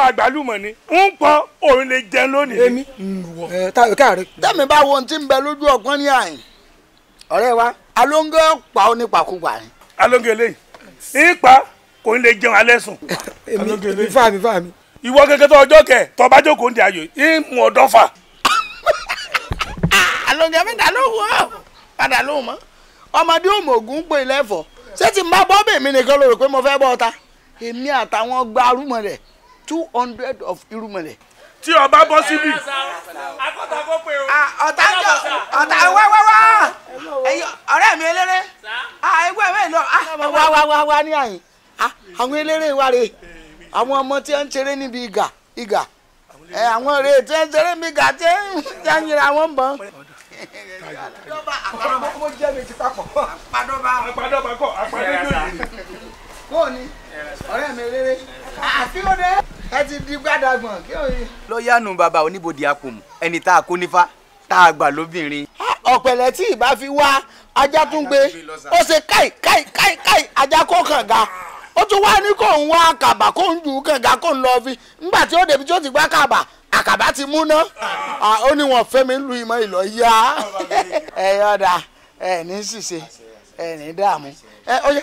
máa gbàlúmọ̀ ni ń pọ́n òun lè jẹun lónìí. èmi ẹ táyọ̀ káàárẹ̀. tẹ́mi bá wo ohun tí ń bẹ lójú ọgbọ́n ní àyìn ọ̀rẹ́ wa alóńgé pa ó nípakúpa ni. alóńgé lẹ́yìn ipa kò ní lè jẹun alẹ́ sùn. èmi fà mí fà mí. ìwọ gẹ́gẹ́ tó ọjọ́ kẹ tọba jókòó ń di ayò ìmú ọdọ fà. alóńgé mi dà lóhùn ọ padà lóhùn mọ ọmọdé òmògùn ń pè lẹ́fọ̀ọ́ ṣé ti má bọ́ bèmí nìkan lórí pé mo fẹ́ bọ́ ta èmi àtàwọn gbarumọ rẹ̀ two hundred of irumele tí ọba bọ́ síbi. akọ́tàkọ́ ọ̀tá jọ wá wá wá ọ̀rẹ́ mi eléré ẹgbẹ́ mi lọ. wá wá wá wá ní àyìn àwọn eléré wa ọmọ tí ń ṣeré níbi ìgà ìgà àwọn rè tí ń ṣeré níbi ìgà tí kí ló dé ẹ ti di gbàdàgbọ̀n kí ló yẹ. lọ́ọ̀yàánú bàbá oníbodè àpòmù ẹni tá a kó nífà tá a gbà lóbìnrin. ọ̀pẹ̀lẹ̀ tí ìbá fi wá ajá tún gbé ó ṣe káì káì káì káì ajá kó kànga ó tún wá ní kó ń wá kàbà kó ń ju kànga kó ń lọ fi ńgbà tí ó débi tí ó ti gbá kàbà àkàbà ti mú ná ó ní wọn fẹ́ lu ìmọ̀ ìlọ yá ẹ yọ̀dà ẹ ní ṣìṣe ẹ ní dààmú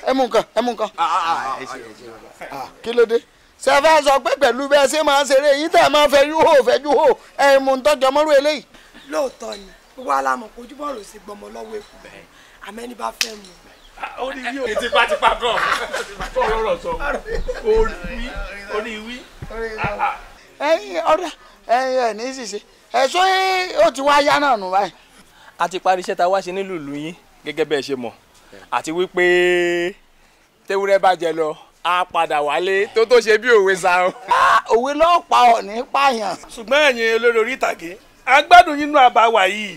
ẹ mú nǹkan ẹ mú nǹkan ah, ah, ah, kí ló dé sẹfà sọ pé pẹ̀lú bẹ́ẹ̀ ṣe máa ń ṣeré yín tẹ̀ máa fẹ́ yúhò fẹ́ yúhò ẹ̀yin mò ń tọ́jọ́ mọ́rú eléyìí. lóòótọ́ ni gbogbo alamọ̀ kojú bọ́ọ̀lù sí gbọmọ lọ́wọ́ èkó bẹ́ẹ̀ àmẹ́ni bá fẹ́ mu. Ah, ó ní kan kó o rọrọ sọ ó ní wí. ẹ̀yin ọ̀dà ẹ̀yin ẹ̀ ní í ṣiṣẹ́ ẹ̀ṣọ́ ó ti wá yá náà nù báyìí. a ti parí iṣẹ́ ta wá ṣe nílùú yín gẹ́gẹ́ bẹ́ẹ̀ ṣe mọ̀ àti wípé tewúrẹ́ bàjẹ́ lọ a padà wálé tó tó ṣe bí òwe sa o. Ah, òwe lọ́ọ́ pa ọ̀ ní pààyàn. ṣùgbọ́n ẹ̀yin olórí orí ìtàgé a gbádùn yín nínú àbá wa yìí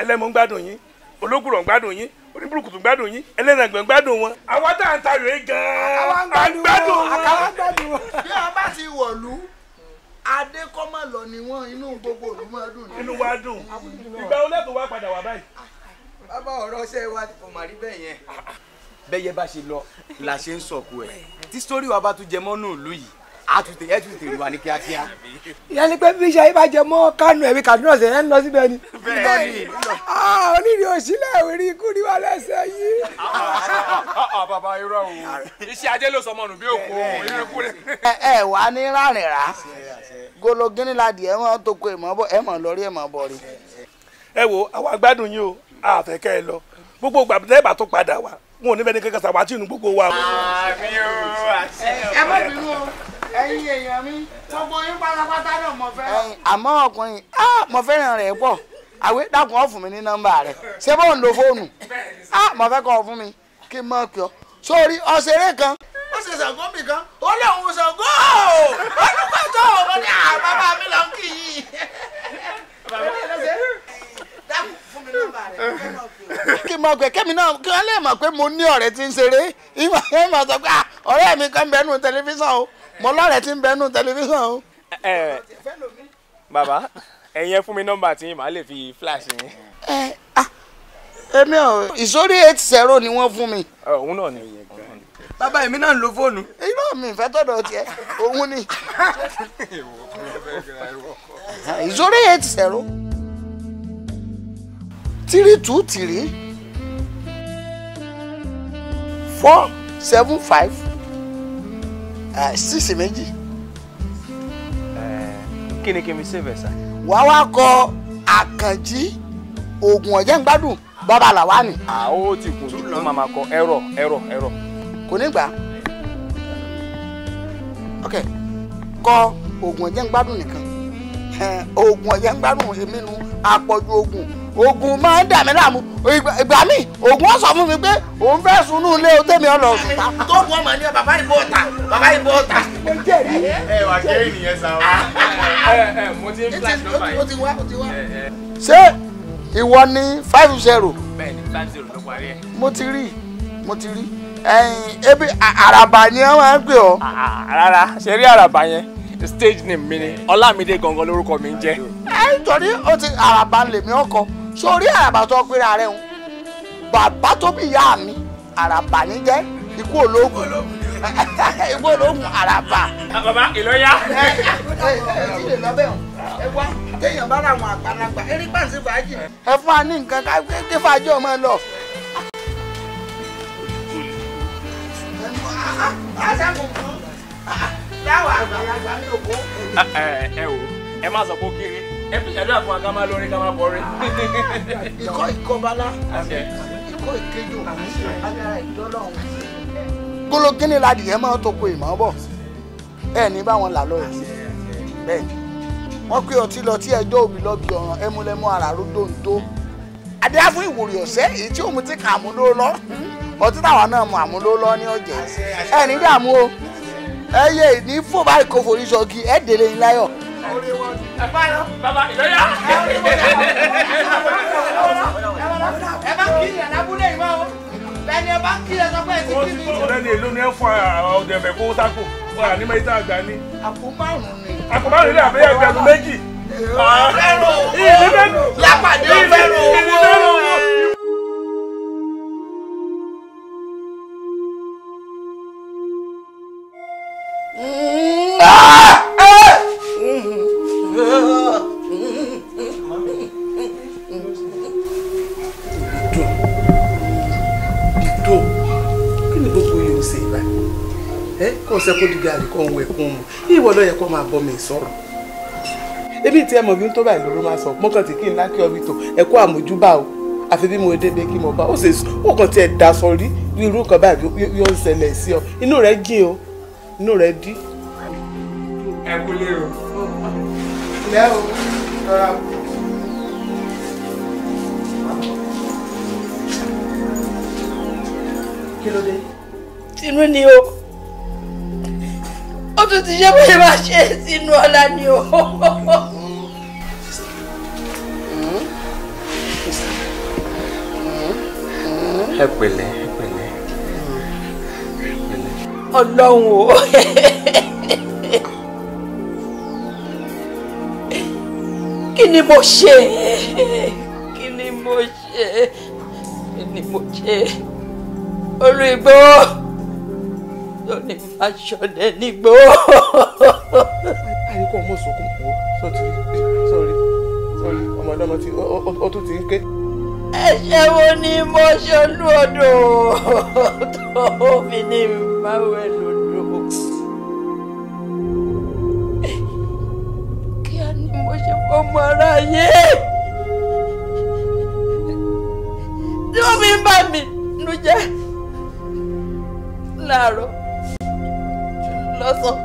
ẹlẹ́mu gbádùn yín olókùrọ̀ gbádùn yín oníbùrùkùtù gbádùn yín ẹlẹ́nàgbọ̀n gbádùn wọn. àwa tá à ń tayò é gan-an a gbádùn wọn. bí a bá ti wọ̀lú adékọ́mọ̀ lọ ni wọ́n inú gbogbo òlú máa dùn. inú wa dùn ìgbà olóòtú wa padà wà báyìí. bàbá ọ̀rọ̀ ṣe wa kò mà rí bẹ́ẹ̀ yẹn bẹ́yẹ bá ṣe lọ la ṣe ń sọ̀kù ẹ̀ tí sórí wa bá tún jẹ mọ́nú ìlú yìí a tún tẹ̀ ẹ́ tún tẹ̀ wá ní kíákíá. ìyẹn ni pé bí ṣayé bá jẹ mọ́ kánú ẹ̀mí kàdúrà ṣe ẹ̀ ń lọ síbẹ̀ ni. bẹ́ẹ̀ ni ah, onírìí òṣìlẹ̀ ìwérí ikú ni wà lẹ́sẹ̀ yìí. Ah, bàbá irọ́ o iṣẹ́ ajé ló sọ ọmọ nù bí òkú ìrìn kú rẹ̀. ẹ wà ní rárìn rà gologini ladi ẹ mọ tó ko ìmọ̀ bọ̀ ẹ mọ̀ lórí ẹ mọ̀ bọ̀ rí. ẹ wo àwọn agbádùn yín o àfẹ́kẹ́ ẹ lọ gbogbo gbàgbé tẹ́ bá tó padà wá wọn ò ní bẹ́ẹ̀ ní kankan sàwátì nínú gbogbo wa. àmì o àṣẹ ọ̀pẹ. ẹ má bínú o ẹ̀yin èèyàn mi gbogbo yín pátápátá náà mo fẹ́. àmọ́ ọkùnrin mo fẹ́ràn rẹ̀ pọ̀ àwé dákun ọ̀fun mi ní nọ́mbà rẹ̀ ṣé bó ń lo fóònù mo fẹ́ kọ́ ọ fún mi kí n mọ̀ kí ọ sórí ọ̀sẹ̀rẹ̀ kan ó ṣe ṣàngó mi kan ó lè òun ṣàngó olùkọ́jọ́ òun ni ah, àbábá mi lọ kì í kí máa gbẹ kẹ́mi náà kí wọ́n lè mọ̀ pé mo ní ọ̀rẹ́ tí ń ṣeré ìmọ̀ ẹ̀ máa sọ pé ah, ọ̀rẹ́ mi kan ń tẹlifíṣàn o mo lọ́rẹ̀ẹ́ tí ń bẹ́nu tẹlifíṣàn o. bàbá ẹ̀yin ẹ fún mi nọ́mbà tí màá lè fi flash yín. èmi ò ìsórí eight zero ni wọ́n fún mi. òun náà ni. bàbá èmi náà ń lo fóònù. irú mi ìfẹ́ tọ̀dọ̀ tiẹ̀ òun ni. ìsórí eight zero three two three four seven five six méjì. kí ni kí mi ṣe bẹ̀ sá. wàá wá kọ àkànjí oògùn ni. a ó ti kùn tó máa ma ero. ẹ̀rọ ẹ̀rọ ẹ̀rọ. kò ní gbà ok kọ oògùn ọ̀jẹ̀ ń gbádùn nìkan oògùn ọ̀jẹ̀ ń gbádùn èmi oògùn máa ń dà mí láàmú ìgbà míì oògùn ó sọ fún mi pé òun fẹ́ sunú ilé o tẹ́mi ọ lọ sùn. tó bu ọmọ ní ọ bàbá ìbò ọ̀tà bàbá ìbò ọ̀tà. ẹ wà jẹ́ ènìyàn sá o. Ah. mo ti ń flash number yìí. ṣé ìwọ ni five zero. bẹ́ẹ̀ni five zero ló parí ẹ. mo ti rí mo ti rí ẹyin ebi àràbà ni wọn máa ń pè ọ. Ah, ah, rárá ṣe rí àràbà yẹn the stage name mi ni ọlámídé gangan lórúkọ mi ń jẹ́. ẹ nítorí ó ti àràbà lèmi ọkọ sórí àràbà tó gbéra rẹ ń bàbá tó bí ìyá mi àràbà ní jẹ́ ikú ológun ikú ológun àràbà. bàbá ìlọ́yà. ẹ ẹ ẹ ti lè lọ bẹ́ẹ̀ o ẹ wá téèyàn bá ra àwọn àgbàlagbà eré pàǹsí fàájì. ẹ fún wa ní nǹkan ké fàájì ọmọ ẹ lọ. a ṣàkóso táwọn àgbàlagbà ń lò kó. Eh, eh, ẹ wò ẹ má sọ pé ó kéré ẹ fi ṣàdúrà fún wa ká máa lórí ká máa bọ̀rí. ikọ́ ìkọ́balá ikọ́ ìkejì agbára ìdọ́lọ́hún. kóló kínní la dìyẹ máa tó ko ìmọ̀ bọ̀ ẹ ní báwọn là lọ yìí bẹ́ẹ̀ wọ́n pé ọtí lọ tí ẹjọ́ òbí lọ bí ọ̀ràn ẹmúlẹ́mú ara rúdó ń tó adé á fún ìwòrì ọ̀sẹ́ èyí tí òun ti kà á mú ló lọ hmm? ọtí táwa náà mú àmúlò lọ ní ọ̀jẹ̀ ẹ ní dààmú o ẹyẹ ìní fò báyìí kò forí sọgi ẹ délé yín láyọ̀. bẹ́ẹ̀ni ẹ bá ń kílẹ̀ sọ pé ẹ ti kí mi. bẹ́ẹ̀ni èló ni ẹ fọ ọdẹ fẹ kó sáko wà ní mẹ́ta àgbà ni. àpò márùn-ún ni. àpò márùn-ún ni àbẹ́yẹ ẹgbẹ̀rún méjì. fẹ́ràn owó lápàdé fẹ́ràn owó. ẹ kò sẹ kó di gàrí kó ń wọ ẹkún mu ìwọ ló yẹ kó máa bọ mi sọ̀rọ̀ ebi tí ẹ mọ̀ bí ń tó báyìí lóró máa sọ mọ́kàn tí kí n lákì ọbí tó ẹ kó àmójúbà o àfi bí mo dédé kí mo bá ó sì ó kàn tiẹ̀ dà sọ rí irú kan báyìí yóò ṣẹlẹ̀ sí ọ inú rẹ jìn o inú rẹ dí. ẹ kú lé o. lẹ́ o rọra kú. kí ló dé. tinú ni o ó tún ti ṣe bóyá máa ṣe sínú ọ̀la ni o. ẹ pẹ̀lẹ́ ẹ pẹ̀lẹ́ ọlọ́run o. kí ni mo ṣe kí ni mo ṣe kí ni mo ṣe olùgbò lọ ní fàṣọlẹ nígbó. àyíkó ọmọ sọkún wo sọtì sọrí sọrí ọmọ ọlọmọ tí ó tún ti ń ké. ẹ̀ṣẹ̀ wo ni mo ṣe lú odò tó fi ní báwẹ lòdò. kí á ní mo ṣe fọmọ ara yé tí wọ́n fi ń bá mi nu jẹ́ láàárọ̀ lọ́sàn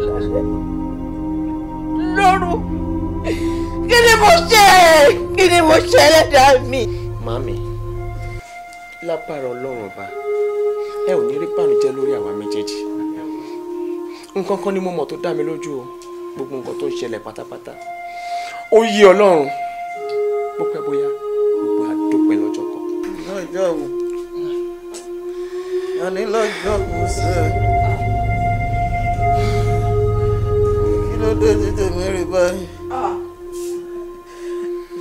lálẹ́ lóru kí ni mo ṣe kí ni mo ṣe ẹlẹ́dàá mi. màmí lápára ọlọ́run ọba ẹ ò ní rí bànújẹ́ lórí àwa méjèèjì nǹkan kan ni mo mọ̀ tó dá mi lójú o gbogbo nǹkan tó ń ṣẹlẹ̀ pátápátá ó yé ọlọ́run bó pẹ́ bóyá gbogbo àdópẹ́ lọ́jọ́ kan. lọ́jọ́ wo àní lọ́jọ́ ìwòsàn kí ló dé tí tèmi rí báyìí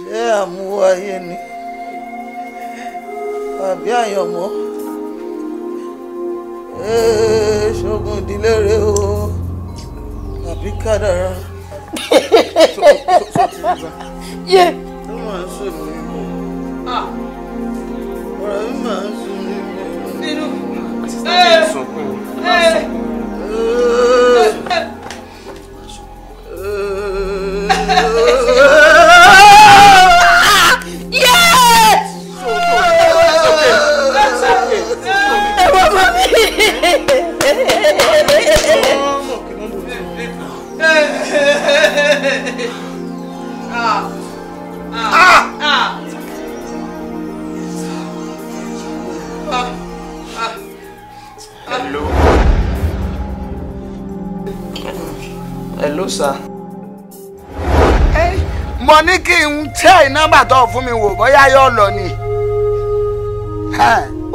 ṣé àmúwò ayé ni àbí àyànmọ́ ṣoògùn ìdílé rẹ o àbí kádàrá. yé. ó máa ń sùn mí. ọ̀rọ̀ mi máa ń sùn sunkún sunkún sunkún. tó fún mi wò bóyá yóò lọ ni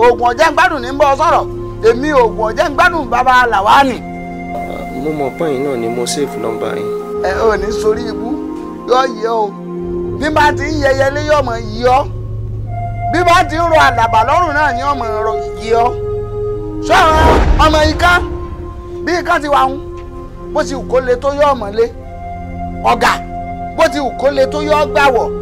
oògùn ọ̀jẹ̀ ń gbádùn ní bọ́ sọ̀rọ̀ èmi oògùn ọ̀jẹ̀ ń gbádùn bàbá làwánì. mo mọ pọ́yìn náà ni mo save nọ́mbà yín. ẹ ò ní sórí ibú yóò yẹ o bí bá ti ń yẹyẹlé yóò mọ yí ọ bí bá ti ń ro àdàbà lọ́rùn náà ni ọmọ rọ yí ọ sọ̀rọ̀ ọmọ ìka bí ìka ti wà ń bó ti kó le tó yọ ọmọ lé ọ̀gá bó ti kó le tó yọ ọgbà wọ̀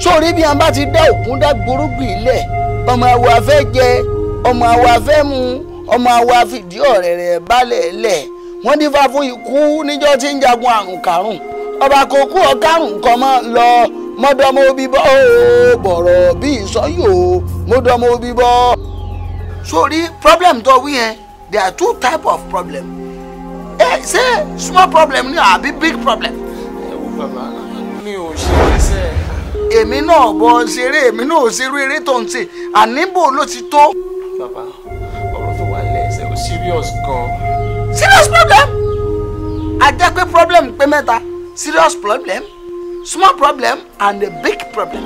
sórí bí a bá ti dá òkun dá gbórógbìn lẹ̀ ọmọ àwa fẹ́ jẹ ọmọ àwa fẹ́ mu ọmọ àwa fìdí ọ̀rẹ́ rẹ̀ balẹ̀ lẹ̀ wọ́n dífá fún ikú níjọ́ tí ń jagun àrùn kárùn ọba kò kú ọ̀kárùn kan mọ́ lọ mọ́dọ́mọ́ òbí bọ́ bọ̀rọ̀ bí ìsọ́yò mọ́dọ́mọ́ òbí bọ́. sórí problem tó wí yẹn there are two type of problem ẹ ṣé small problem ni àbí big problem. ẹ wo bàbá mi ò ṣe é sẹ́ẹ̀ èmi náà bọ ṣeré èmi náà ò ṣeré eré tó ń ṣe àníbò ló ti tó. bàbá ọ̀rọ̀ tó wà lẹ́sẹ̀ ó serious gan. serious problem a jẹ́ pé problem pé mẹ́ta serious problem small problem and a big problem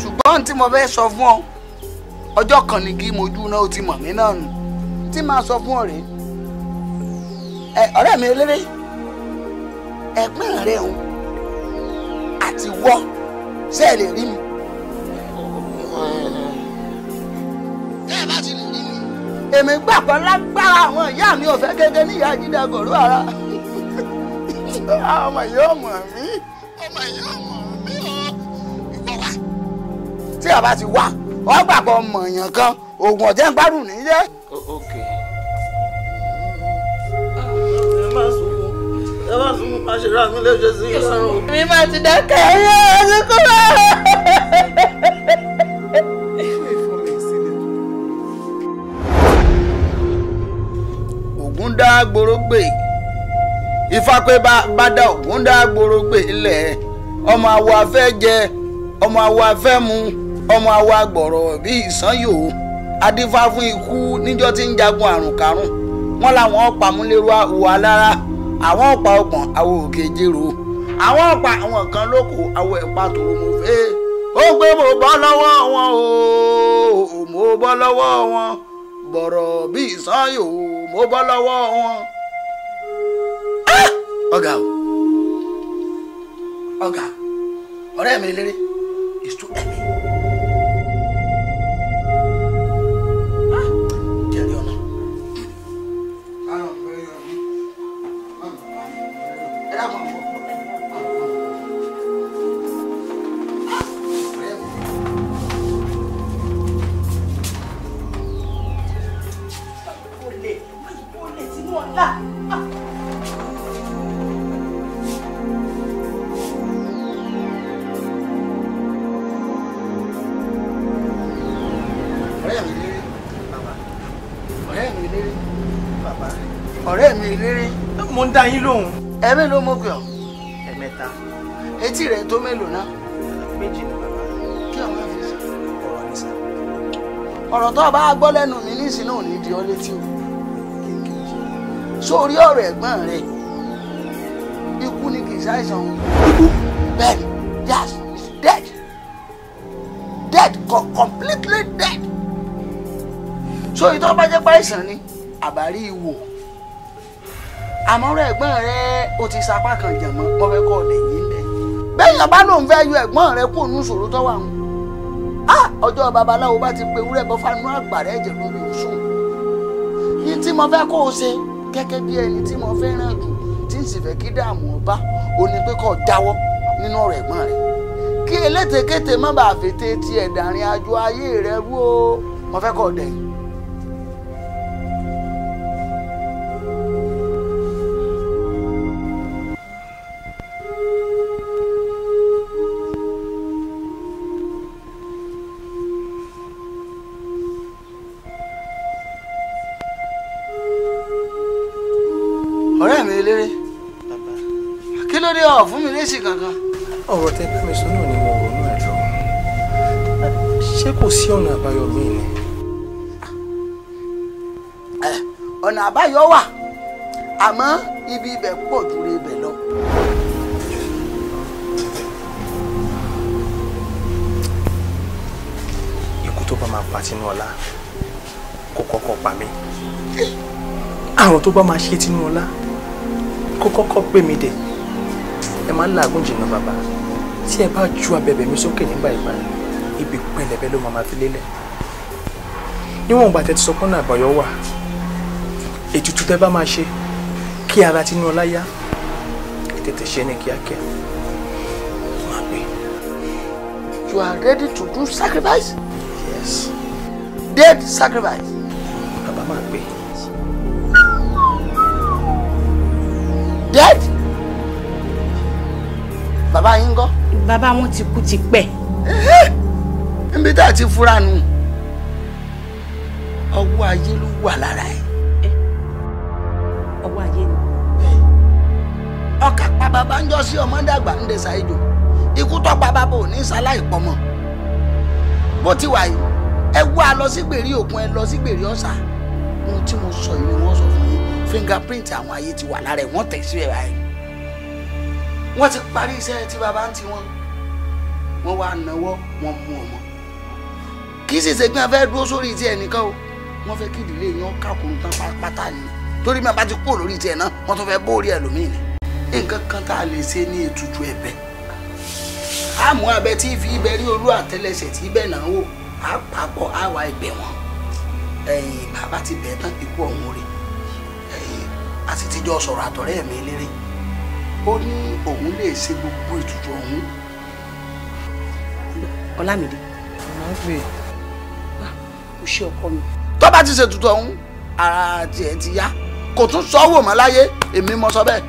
ṣùgbọ́n tí mo fẹ́ sọ fún ọ ọjọ́ kan ni kí mojú náà ó ti mọ̀ mí náà nù tí màá sọ fún ọ rèé ẹ ọ̀rẹ́ mi eléré ẹ̀gbọ́n rẹ̀ òun àti wọ́ ṣé ẹ lè rí mi. tẹ́ ẹ bá ti lè rí mi. èmi gbàgbọ́ lágbára àwọn ìyá mi ò fẹ́ gẹ́gẹ́ ní ìyá jídà gòrò ara ọmọ yóò mọ̀ mí. ọmọ yóò mọ̀ mí o ìwọ wá. tí a bá ti wá ọ gbàgbọ́ mọ̀ọ́yàn kan oògùn ọ̀jẹ̀ ń gbárùn níyẹn. ok bá fún mi máa ṣe rà mí léṣe sí ìlọrin o. mi máa ti dákẹ́ ayé ọdún kúrò. ògùn dá gborógbè ìfapé bá dá ògùn ilẹ̀ ọmọ àwọ̀ afẹ́ jẹ ọmọ àwọ̀ afẹ́ mu ọmọ àwọ̀ agbọ̀rọ̀ bíi ìsányò adífá fún ikú níjọ́ tí ń jagun àrùn karùn-ún wọ́n làwọn pàmùlérò àwọ̀ alára àwọn ọ̀pá ọgbọ̀n àwọ̀ òkè jèrò àwọn ọ̀pá àwọn kan ló kù àwọ̀ ẹ̀pá tòun mo fẹ́ ó gbé mo bọ́ lọ́wọ́ wọn o mo bọ́ lọ́wọ́ wọn bọ̀rọ̀ bí ìsanyò mo bọ́ lọ́wọ́ wọn. Ah! ọ̀gá o ọ̀gá ọ̀rẹ́ mi eléré is too heavy. dá yín lóhùn. ẹ̀mí ló mú kí ọ. ẹ̀mẹ́ta. etí rẹ̀ tó mélòó náà. méjì ni bàbá. kí ọmọ fi sọ. ọ̀rọ̀ ni sà. ọ̀rọ̀ tó o bá gbọ́ lẹ́nu mi nísìnyí ò ní di ọ létí o. sórí ọ̀rọ̀ ẹ̀gbọ́n rẹ̀ ikú ni kì í ṣàìsàn. ikú bẹ́ẹ̀ ni yes he's dead dead completely dead. so ìtọ́ bá jẹ́ pàìsàn ni àbárí ìwò àmọ́ rẹ̀ ẹ̀gbọ́n rẹ o ti sapá kan jàmọ́ wọ́n fẹ́ kọ́ ọ̀lẹ̀ yìí lẹ̀. béèyàn bá lóun fẹ́ yọ ẹ̀gbọ́n rẹ kó nu sòrò tọ́wọ́ àwọn. a ọjọ́ babaláwo bá ti pe ewúrẹ́ bọ́ fanú àgbà rẹ̀ jẹ̀ lórí òṣùn. ní tí mo fẹ́ kó o ṣe gẹ́gẹ́ bí ẹni tí mo fẹ́ ràn jù tí n sì fẹ́ kí dààmú ọba o pé kó jáwọ́ nínú ọ̀rọ̀ ẹ̀gbọ́n rẹ. kí elétekéte má bàa fètè tiẹ̀ dàrin àjò ayé rẹ wó mo fẹ́ kó dẹ̀yìn. kankan. ọ̀rọ̀ tẹ bá mi sọ náà ni mo ronú ẹ̀ lọ ṣé kò sí ọ̀nà àbáyọ míì ni. ọ̀nà àbáyọ wà àmọ́ ibi ibẹ̀ pọ̀ ju ibẹ̀ lọ. ikú tó bá máa pa Tinúọlá kó kọ́kọ́ pa mí àrùn tó bá máa ṣe Tinúọlá kó kọ́kọ́ pè mí dé ẹ máa ń làágùn jìnnà bàbá tí ẹ bá ju abẹ̀bẹ̀ mi sókè nígbà ìgbà ibi pẹlẹbẹ ló máa fi lélẹ̀ níwọ̀n ìgbà tẹ́ ti sọ pé wà ètùtù tẹ́ bá máa ṣe kí ara tinú ọlá yá tètè ṣe ní kíákíá máa gbé. You are ready to do sacrifice? Yes. Dead sacrifice. bàbá yín ńkọ́. bàbá wọn ti kú ti pẹ́. níbi tá a ti fura nù ọwọ́ ayé ló wà lára ẹ̀. ọwọ́ ayé ni. ọkà pa bàbá ń jọ sí ọmọ dàgbà ń dẹ̀ ṣàìjò ikú tó pa bàbá ò ní ṣaláì pọmọ bó ti wà yìí ẹ wá lọ sí gbèrí òkun ẹ lọ sí gbèrí ọ̀sà ohun tí mo sọ yìí ni wọ́n sọ fún yín fingerprint àwọn ayé ti wà lára ẹ̀ wọ́n tẹ̀ sí ẹ̀ báyìí wọ́n ti parí iṣẹ́ tí baba ń ti wọn wọ́n wá náwó wọ́n mú ọmọ kì í sì ṣe pé fẹ́ dúró sórí ti ẹnìkan o wọ́n fẹ́ kí ìdílé yẹn kákòrò tán pátá ni torí mi àbá kúrò lórí tiẹ̀ náà wọ́n tún fẹ́ bóòrí ẹlòmíì ni nǹkan kan tá a lè ṣe ní ètùtù ẹ̀bẹ̀ àmú abẹ tí fi ibẹ̀ rí olú àtẹlẹsẹ̀ tí ibẹ̀ náà wò á papọ̀ á wá ibẹ̀ wọn ẹ̀yìn bàbá ti bẹ̀ tán ikú ọ̀hún rè ẹ̀yìn àti tíjọ́ sọ̀rọ̀ àtọ̀rẹ́ mi lérè ó ní òun lè ṣe gbogbo ètùtù ọ̀hún. ọlámìdé. màá fi kò ṣe ọkọ mi. tó bá ti ṣe ètùtù ọ̀hún ara tiẹ̀ ti yá kò tún sọ́wọ́ mọ́ láyé èmi mọ sọ bẹ́ẹ̀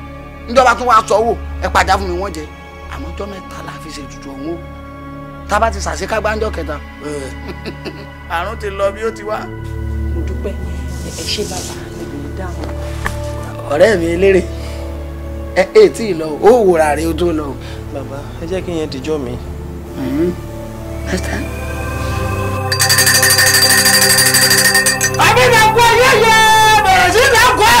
níjọba tún wàá sọ́wọ́ ẹ pàjá fún mi wọ́n jẹ àmọ́ ọjọ́ mẹ́ta la fi ṣe ètùtù ọ̀hún o tá a bá ti ṣàṣekágbá ńjọ́ kẹta àrùn ti lọ bí ó ti wá. mo dúpẹ́ ẹ ṣé bàbá mi ò dáhùn. ọ̀rẹ́ mi eléré ẹ ẹ tí ì lọ ó wòrà rẹ ó tó lọ. bàbá ẹ jẹ́ kí n yẹn tìjọ́ mi. Mm-hmm. àbí nàkó yẹ́yẹ́ bẹ̀rẹ̀ sí nàkó.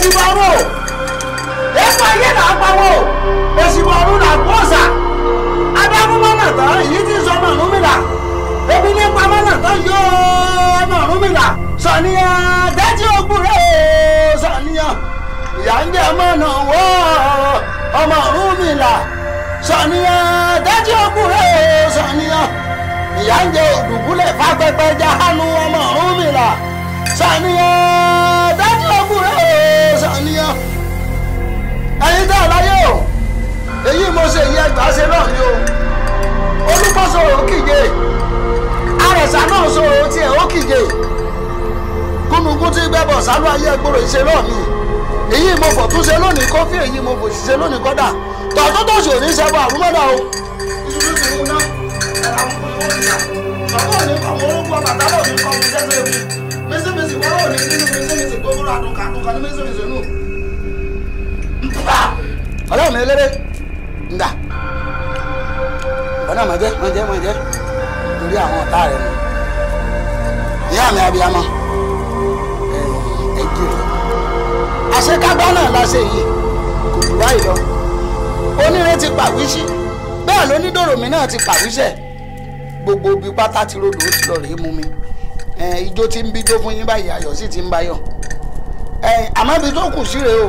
èsìbọ̀rù èpò ayé là ń pawó èsìbọ̀rù là ń pọ̀sà adágúnmọ́ náà tán èyí tí ń sọ ebi ní pamọ́ náà tán yóò náà Ọ̀rúnmìlà sọ̀nìyàn dẹ́tí ogun rẹ̀ sọ̀nìyàn ìyá ń jẹ́ ọmọ náà wọ́ ọmọ Ọ̀rúnmìlà sọ̀nìyàn dẹ́tí ogun rẹ̀ sọ̀nìyàn ìyá ń jẹ́ òdùbúlẹ̀ fáfẹ́fẹ́ jáhánu ọmọ ẹ̀yin tẹ́ ẹ̀ láyé o èyí mo ṣe yí ẹgbàá ṣe náà ni o olúkọ sọ̀rọ̀ ó kìje àrẹ̀sà náà sọ̀rọ̀ tiẹ̀ ó kìje kúnukún tí gbẹ́bọ̀ sálú ayé ẹgbòrò ìṣe náà ni èyí mo fọ̀ tún ṣe lónìí kó fi èyí mo fò sì ṣe lónìí kọ́dà tọ̀tún tó ṣòní ṣẹ́gun àrùmọ́dà o. ìṣúlù ti mú náà ẹ̀rọ àwọn ọmọ wọn ti yà bàbá òní kọ̀ mọ́ orúkọ bàbá òní kọ̀ mọ́ jẹ́sẹ̀ ewu mẹ́sẹ̀mẹ́sẹ̀ wọ́n òní nínú mẹ́sẹ̀mẹ́sẹ̀ gbogbo àdùnkàdùnkà ní mẹ́sẹ̀mẹ́sẹ̀ náà ọlọ́run mi eléré ńdà ìbọn náà mọ̀ jẹ́ mọ̀ jẹ́ mọ̀ jẹ́ torí àwọn ọ̀tá rẹ̀ nù ìyá mi abiyamọ ẹ̀jẹ̀ rẹ̀ àṣekágbá náà la ṣe yìí kò dùn báyìí lọ onírè ti pàwíṣí bẹ́ẹ̀ lónídòròmí náà ti pàwíṣẹ̀ gbogbo ibi pátá ti rodò ó ti lọ rèé mú mi ijó ti ń bíjó fún yín báyìí ayọ̀ sì ti ń bayọ̀ àmọ́ ibi tó kù sí rèé o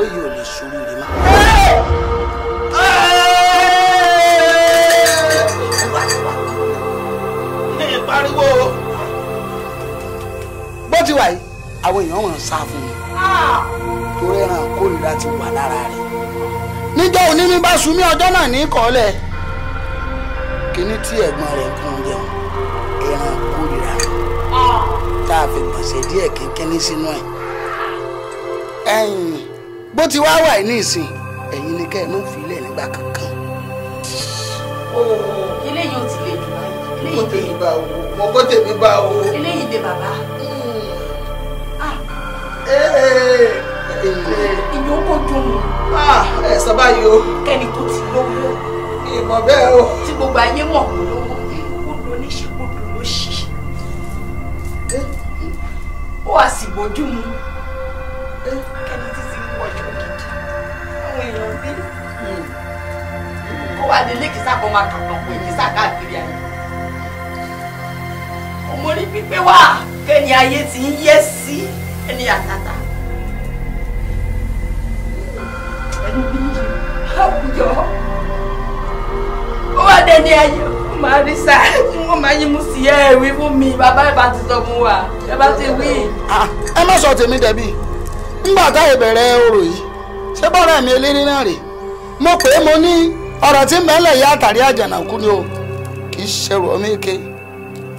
ìyàwó yìí ò lè ṣoríire mọ́. pariwo bó ti wà yìí àwọn èèyàn wọn sá fún mi torí ẹran kórìíra ti wà lára rẹ̀ níjọ́ òní mi bá sunmí ọjọ́ náà ní kọ́lẹ̀ kíní tí ẹ̀gbọ́n rẹ̀ ń kún jẹun ẹran kórìíra ah. tá a fi gbọ̀nsẹ̀ díẹ̀ kínkínní sínú ẹ̀ ẹ̀yìn bó ti wá wà ní ìsìn ẹ̀yin ni kẹ́ ẹ̀ máa fi ilẹ̀ nígbà kankan. eléyìí ò ti jù báyìí. mo tèmi bá o mo kọ́ tèmi bá o. eléyìí dé bàbá. Hmm. Ah. Eh, eh, eh. ìyókò dùn mí. Ah, ẹ sábà yìí o. kẹ́ni tó ti lówó. ìmọ̀ bẹ́ẹ̀ o. tí gbogbo ayé mọ̀ kó lówó kó lo níṣẹ́ kó lo lóṣì. ó wá sì bójú mu. wà nílé kìsà kan máa kàkàn pé kìsà káàkiri ayé ọmọ ní pípé wà kẹ́ni ayé ti ń yẹ sí ẹni àtàtà ẹni bí àwùjọ ó wà dẹni ayé máa rí sáà tí wọ́n máa yín mú sí ẹ wí fún mi bàbá ìbá ti sọ fún wa ẹ bá ti wí. ẹ má sọ tèmi dẹ̀bi ńgbà táyé bẹ̀rẹ̀ yìí ṣé bọ́ọ̀rọ̀ mi eléré náà rè mo pè é mo ní. ọ̀rọ̀ tí mẹ́lẹ̀ yá àtàrí àjànàkú ni o kì í ọmọ èké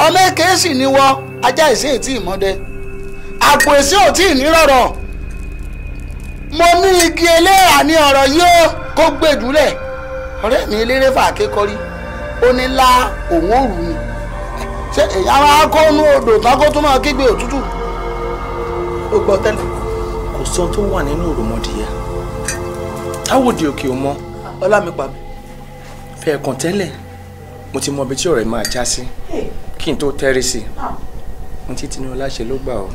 ọmọ èké sì ni ajá ìsí ètí tí mo ní igi eléyà ní ọ̀rọ̀ yìí ó kó gbèdúlẹ̀ ọ̀rẹ́ mi eléré ó ní lá òun òru ni ṣé èyí àwọn akọ́nú odò tán kó tún máa kígbe òtútù. ó gbọ́ tẹ́lẹ̀ kò sọ fẹ́ kàn tẹ́lẹ̀ mo ti mọ ibi tí ọ̀rẹ́ máa já sí kí n tó tẹ́rí sí i ah. tí Tinúọlá ṣe ló gbà ọ́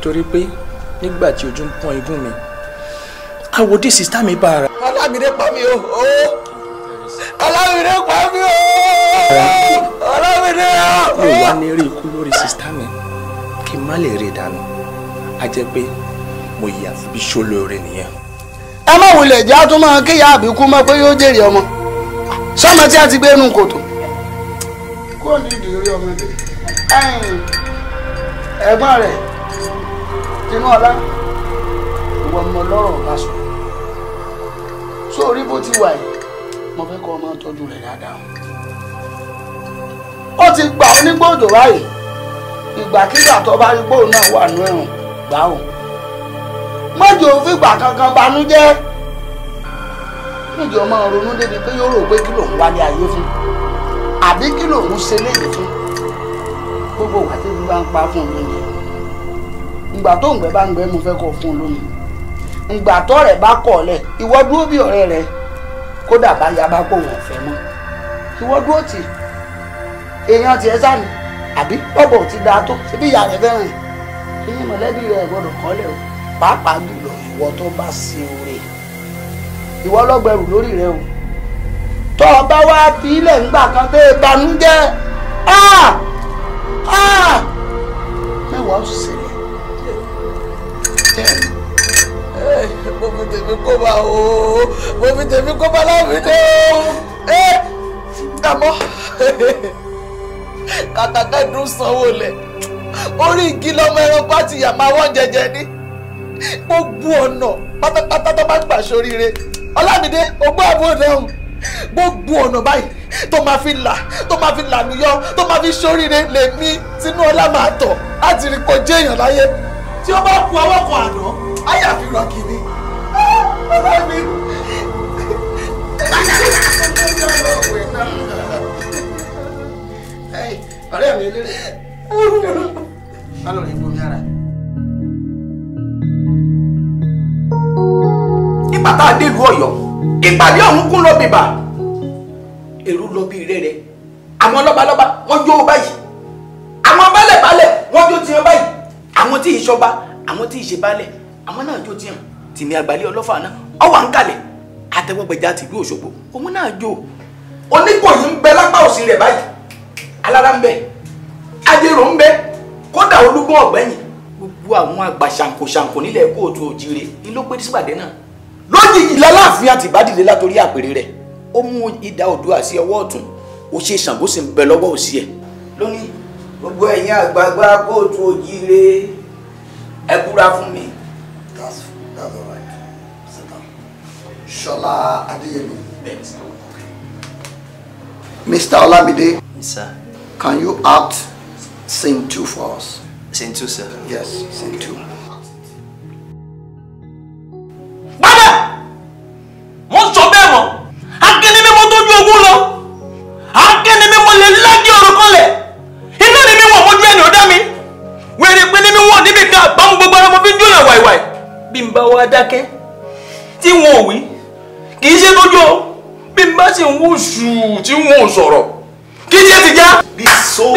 torí pé nígbà tí ojú ń pọ́n igun mi àwòdì sísá mi bá ara. Ọlámídé pa mí o Ọlámídé pa mí o Ọlámídé o. mi ò wá ní rí ikú lórí sísá mi kí n má lè rí dànù a jẹ́ pé mo yà fi bí ṣó lóore nìyẹn. ẹ má wulẹ̀ jẹ́ a tún máa àbíkú mọ́ pé yóò jèrè ọmọ sọmọ tí a ti gbé inú kòtò kó ní ìdílé ọmọdé ẹ̀yìn ẹ̀gbọ́n rẹ̀ tinú ọlá ìwọ ọmọ lọ́rọ̀ bá sọ sórí bó ti wà yìí mo fẹ́ kọ ọmọ tọ́jú rẹ̀ dáadáa ó ti gbà ó nígbòdò báyìí ìgbàkigbà tó bá rí bóun náà wà nú ẹ̀rùn gbà ó mọ́jọ́ fìgbà kankan banújẹ́ níjọ máa ronú débi pé yóò rò pé kí lòun wálé ayé fún àbí kí lòun ṣe léyìí fún gbogbo wà tí bá ń pa fún un lónìí ìgbà tó ń gbẹ bá ń gbẹ mo fẹ́ kọ fún un lónìí ìgbà tó rẹ̀ bá kọ̀ lẹ̀ ìwọ dúró bí ọ̀rẹ́ rẹ kódà bá ya bá kó wọn fẹ́ mọ́ ìwọ dúró tì èèyàn tiẹ̀ sáni àbí bọ́bọ̀ ti da tó síbí ìyá rẹ̀ fẹ́ràn yìí mọ̀lẹ́bí rẹ̀ gbọ́dọ̀ kọ́lẹ̀ o pàápàá jùlọ ìwọ tó bá sí oore ìwọ lọ́gbẹ̀rù lórí rẹ o tọ́ ọ bá wá fi ilẹ̀ ńgbà kan pé ìbànújẹ́ mẹ́wàá oṣù ṣẹlẹ̀ mo fi tèmi kó bá o mo fi tèmi kó bá láàfin dé o ẹ àmọ́ kàkàkà dùn sanwó lẹ̀ orí igi lọmọ ẹranko àti ìyàmá wọn jẹjẹ ní gbogbo ọ̀nà pátápátá tó bá gbà sóríire ọlámídé ògbọ́n àbúrò rẹ o gbogbo ọ̀nà báyìí tó máa fi là tó máa fi làlùyọ tó máa fi ṣoríire lèmi tinú ọlá máa tọ̀ láti rí kọjá èèyàn láyé tí ó bá ku ọwọ́ kan àná ayà fi rọ kìíní. ọlámídé ọ̀rẹ́ mi eléré. alọ̀ rẹ̀ bomi ara. ìgbà tá a délùú Ọ̀yọ́ ìpàdé ọ̀hún kún lọ bìbà èrú lọ bí rẹrẹ àwọn lọ́balọ́ba wọ́n jó báyìí àwọn balẹ̀balẹ̀ wọ́n jó tiẹ̀ báyìí àwọn tí ìṣọba àwọn tí ìṣèbalẹ̀ àwọn náà jó tiẹ̀ tìmí àgbàlẹ̀ ọlọ́fà náà ọwà ń kalẹ̀ àtẹwọ́gbẹ̀já tìlú Òṣogbo òun náà jó oníkòyí ń bẹ lápá òsì rẹ̀ báyìí alára ń bẹ ajérò ń bẹ kódà olúgbọ́n ọ̀gbẹ́yìn gbogbo àwọn àgbà ṣàǹkóṣàǹkó nílẹ̀ kóòtù òjire ni ló pé sípàdé náà lójijì lálàáfin àtìbá dìde látòrí àpèrè rẹ̀ ó mú idà Oòduà sí ọwọ́ ọ̀tún ó ṣe Ṣàngó sì ń bẹ lọ́wọ́ òsì ẹ̀. lónìí gbogbo ẹ̀yin àgbààgbà kóòtù òjíire ẹ búra fún mi. that's that's all right sit down Ṣọlá Adéyẹmí. Mr. Olamide. Yes, sir. Can you act sing Two for us? Sing Two, sir. Yes, sing Two. wá dákẹ́ tí wọn ò wí kì í ṣe lójú o bí n bá sì ń wò ṣù tí wọn ò sọ̀rọ̀ kì ṣe ti já. this so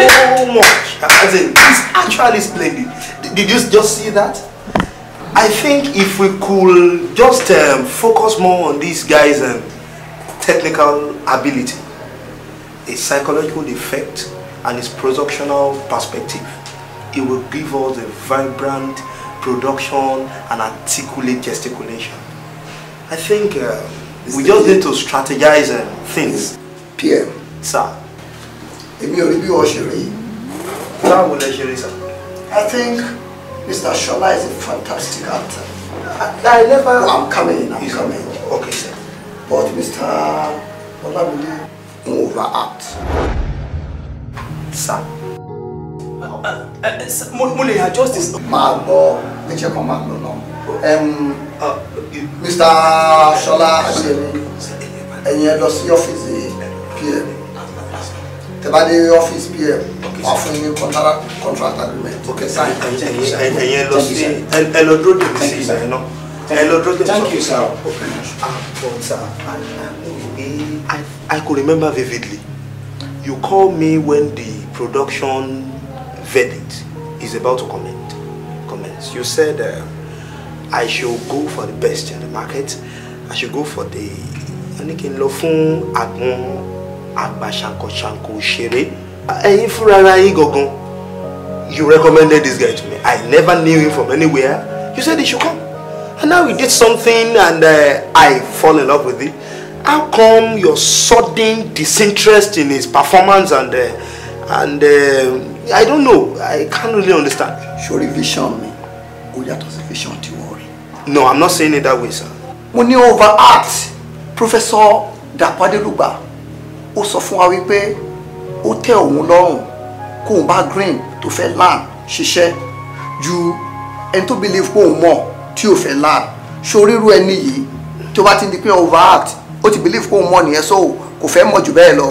much as in this actually splendid did you just see that. I think if we could just um, focus more on these guys' um, technical ability, its psychological effect, and its productional perspective, it will give us a vibrant production and articulate gesticulation. I think uh, we just need to strategize uh, things. PM. Sir. if you review, bí wọ́n ṣe rí. sir? I think Mr. Shola is a fantastic actor. I, I never... I'm coming, I'm He's coming. Okay, sir. But Mr. Olamide overact. Sir mo lè yà justice. máa gbọ́ níṣẹ́ kan máa lò náà Mr. Ṣọlá Adéyẹmí ẹ̀yin ẹ lọ sí ọ́fíìsì pm tẹ́ bá dé ọ́fíìsì pm wà fún yín contract agreement ok sign. ẹ̀yin ẹ lọ sí ẹ lọ dúró dèbí sí ìgbà yẹn náà ẹ lọ dúró dèbí sí ìgbà yẹn náà. thank you sir. but sir I, I could remember vividly you called me when the production verdict is about to comment. Commence. You said uh, I should go for the best in the market. I should go for the. I ní kí n lọ fún You recommended this guy to me. I never knew him from anywhere. You said he should come. And now he did something and uh, I fall in love with it. How come your sudden disinterest in his performance and uh, and uh, I don't know. I can't really understand. Sori vision mi, ó yàtọ̀ sí vision ti wọ́n rí. No, I'm not saying it that way, sir. Mo ní over art. Professor Dàpọ̀ Adélùgbà, ó sọ fún wa wípé ó tẹ́ òun lọ́rùn kóun bá green tó fẹ́ land ṣiṣẹ́ ju ẹni tó believe kóun mọ̀ tí ò fẹ́ land. Sori irú ẹni yìí tó bá ti di pé over art, ó ti believe kóun mọ̀ nìyẹn so kò fẹ́ mọ̀ jù bẹ́ẹ̀ lọ.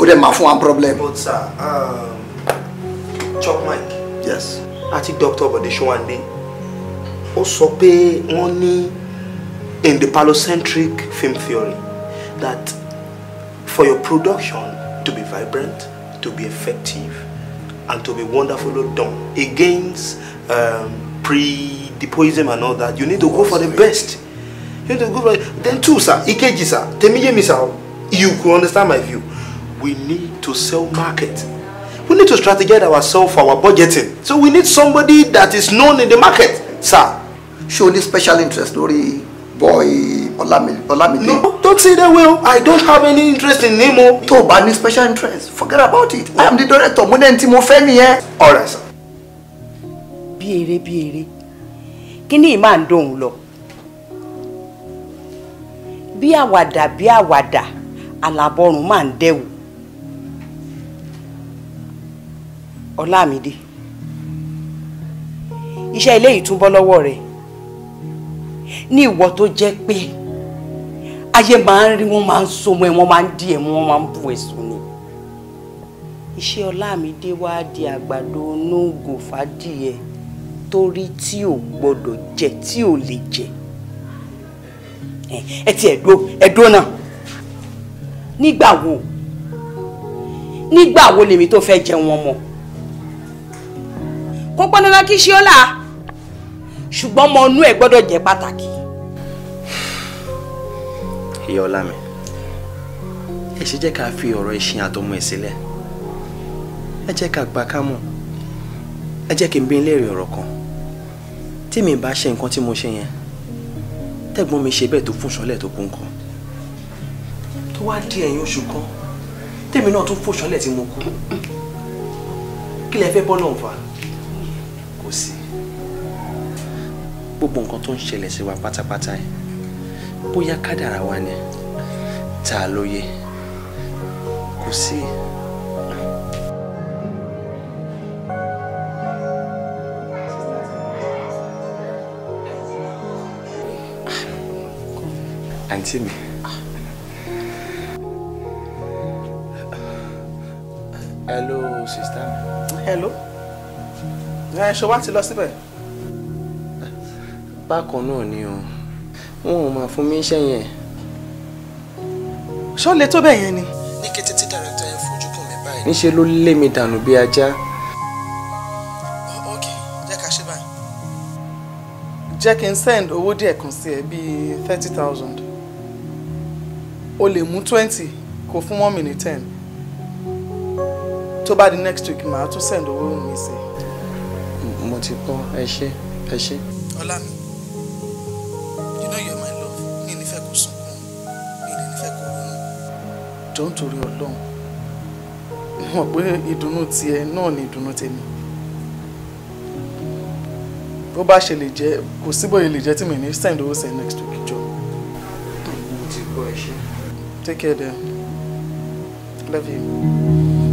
but dẹ̀ máa fún wa problem. But sir, um... Chop Mike. Yes. Àti Dr. Bode Show and sọ also pay money in the palocentric film theory that for your production to be vibrant, to be effective, and to be wonderfully done against um, pre-depoism and all that, you need to go for the best. You need to go for Then two, sir, ìkejì, sir, Temiye, mi, sir, you could understand my view. We need to sell market. we need to strategize ourselves for our budgeting so we need somebody that is known in the market sir. ṣé o special interest lórí boy olamide. no don't say that well i don't have any interest in him oh. o. tó any special interest forget about it i am the director mo dẹ́ni tí mo fẹ́ nìyẹn. alright sir. bí eré Kini iman don ni ìmáà ń dóhùn lọ bí àwàdà bí Ọlámídé iṣẹ́ ilé yìí tún bọ́ lọ́wọ́ rẹ̀ ní ìwọ tó jẹ́ pé ayé máa ń rí wọn máa ń so mọ́ ẹ wọ́n máa ń dí ẹ mọ́ wọ́n máa ń bù ẹ ni iṣẹ́ Ọlámídé wá di àgbàdo onóògùn fàdìẹ torí tí ò gbọdọ̀ jẹ tí ò lè jẹ ẹ ti ẹ̀dó ẹ̀dó náà nígbà wo nígbà wo lèmi tó fẹ́ jẹun ọmọ kó pọn dandan kí ṣe ó là ṣùgbọ́n ọmọ inú ẹ̀ gbọ́dọ̀ jẹ́ pàtàkì. ìyá ọlá mi ẹ ṣe jẹ́ ká fi ọ̀rọ̀ ìṣìn àtọmọ ẹ̀ sílẹ̀ ẹ jẹ́ ká gbà ká mọ̀ ẹ jẹ́ kí n bí n léèrè ọ̀rọ̀ kan tí mi bá ṣe nǹkan tí mo ṣe yẹn tẹ́gbọ́n mi ṣe bẹ́ẹ̀ tó fún ṣọlẹ̀ tó kún kan tó wá di ẹ̀yìn oṣù kan tèmi náà tún fòṣọlẹ̀ tí mo kú kí lẹ fẹ́ bọ́ lọ́hùn fà á. gbogbo nǹkan tó ń ṣẹlẹ̀ sí wa pátápátá yẹn bóyá kádàrá wa ni ta ló yẹ kò sí. àǹtí mi. hello sista mi. hello ẹ ṣe ti lọ síbẹ̀ bákan náà ni o wọn ò máa fún mi iṣẹ́ yẹn. ṣó tó bẹ́ẹ̀ yẹn ni. ní kété tí dàrẹ́tà yẹn fojú kàn mí báyìí. níṣẹ́ ló lé mi dànù bí ajá. ok jẹ́ ká ṣe báyìí. jẹ́ kí n send owó díẹ̀ kan sí ẹ bíi thirty thousand o lè mú twenty kó fún one minute ten tó bá di next week màá tún send owó mi sí. mo ti kọ́ ẹ ṣé ẹ ṣé. ọlá mi. jọ ń torí ọlọ́run mo mọ̀ pé ìdùnnú tiẹ̀ náà ni ìdùnnú tèmi bó bá ṣe lè jẹ́ kò síbòye lè jẹ́ tí mi ní send owó send next week jọ. mo take care then love you.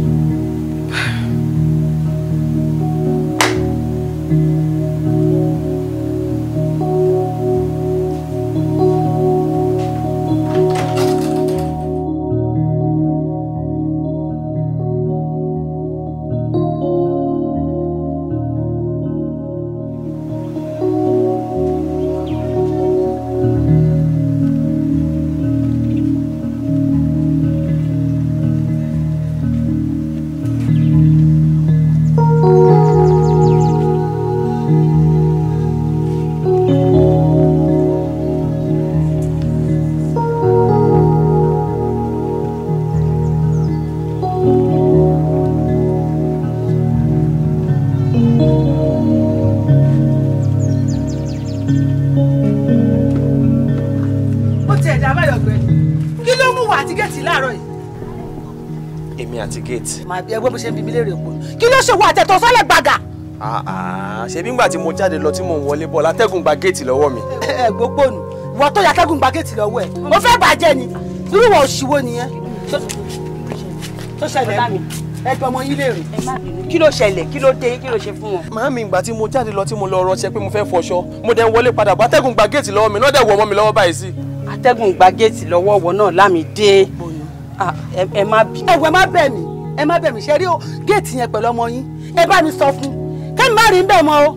àbí ẹgbẹ́ bó ṣe ń bí mi léèrè pò kí ló ṣe wọ àtẹ̀tọ̀ sọ́lẹ̀ gbàgà. ṣebí ngbà tí mo jáde lọ tí mò ń wọlé bọ̀ látẹ́gùn gba géètì lọ́wọ́ mi. ẹ gbópónù ìwọ tó yà tẹ́gùn gba géètì lọ́wọ́ ẹ̀ mo fẹ́ bàjẹ́ ni irú wọn òṣìwò nìyẹn. tó ṣẹlẹ̀ ẹ̀kú ẹgbẹ́ ọmọ yín léèrè. kí ló ṣẹlẹ̀ kí ló dé kí ló ṣe fún wọn. màámi ìgbà tí mo jáde lọ tí mo lọ rọṣẹ pé mo fẹ́ fọṣọ mo dẹ̀ ń wọlé padà bá atẹ́gùn gba géètì lọ́wọ́ mi lọ́dẹ̀ wọ ọmọ mi lọ́wọ́ báyìí sí. atẹ́gùn gba géètì lọ́wọ́ ọwọ́ náà lámì dé ẹ má bẹ̀ mí ẹ má bẹ̀ mí ṣe rí o géètì yẹn pẹ̀lú ọmọ yín ẹ bá mi sọ fún kẹ́mi má rí ń bẹ̀ mọ́ o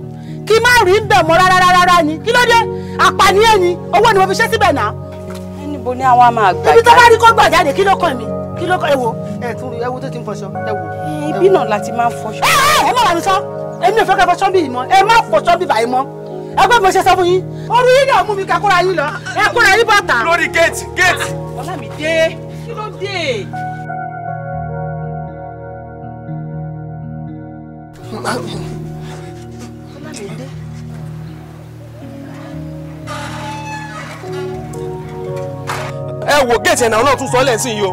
kí má rí ń bẹ̀ mọ́ rárá rárá ni kí ló dé àpànìyàn ni owó ni mo fi ṣe síbẹ̀ náà. níbo ni àwọn máa gbà jáde ibi tó bá rí kó gbà jáde kí ló kàn mí kí ló kàn ẹ wo ẹ tún ẹ wo tó ti ń fọṣọ ẹ wo. ibi náà la ti máa ń fọṣọ. ẹ ẹ ẹ má wà mí sọ èmi ò fẹ́ kẹ́ fọṣọ bí yìí mọ́ ẹ má fọṣọ bí báyìí mọ́ ẹ gbọ́dọ̀ mo ṣe sọ fún yín orí yín náà mú mi kakúra yín lọ ẹ kúra yín bọ̀tà. lórí géètì géètì. ọlámídé kí ló dé. Ọlámídé. ẹ wo géètì ẹ̀nà náà tún sọ lẹ́sìn yìí o.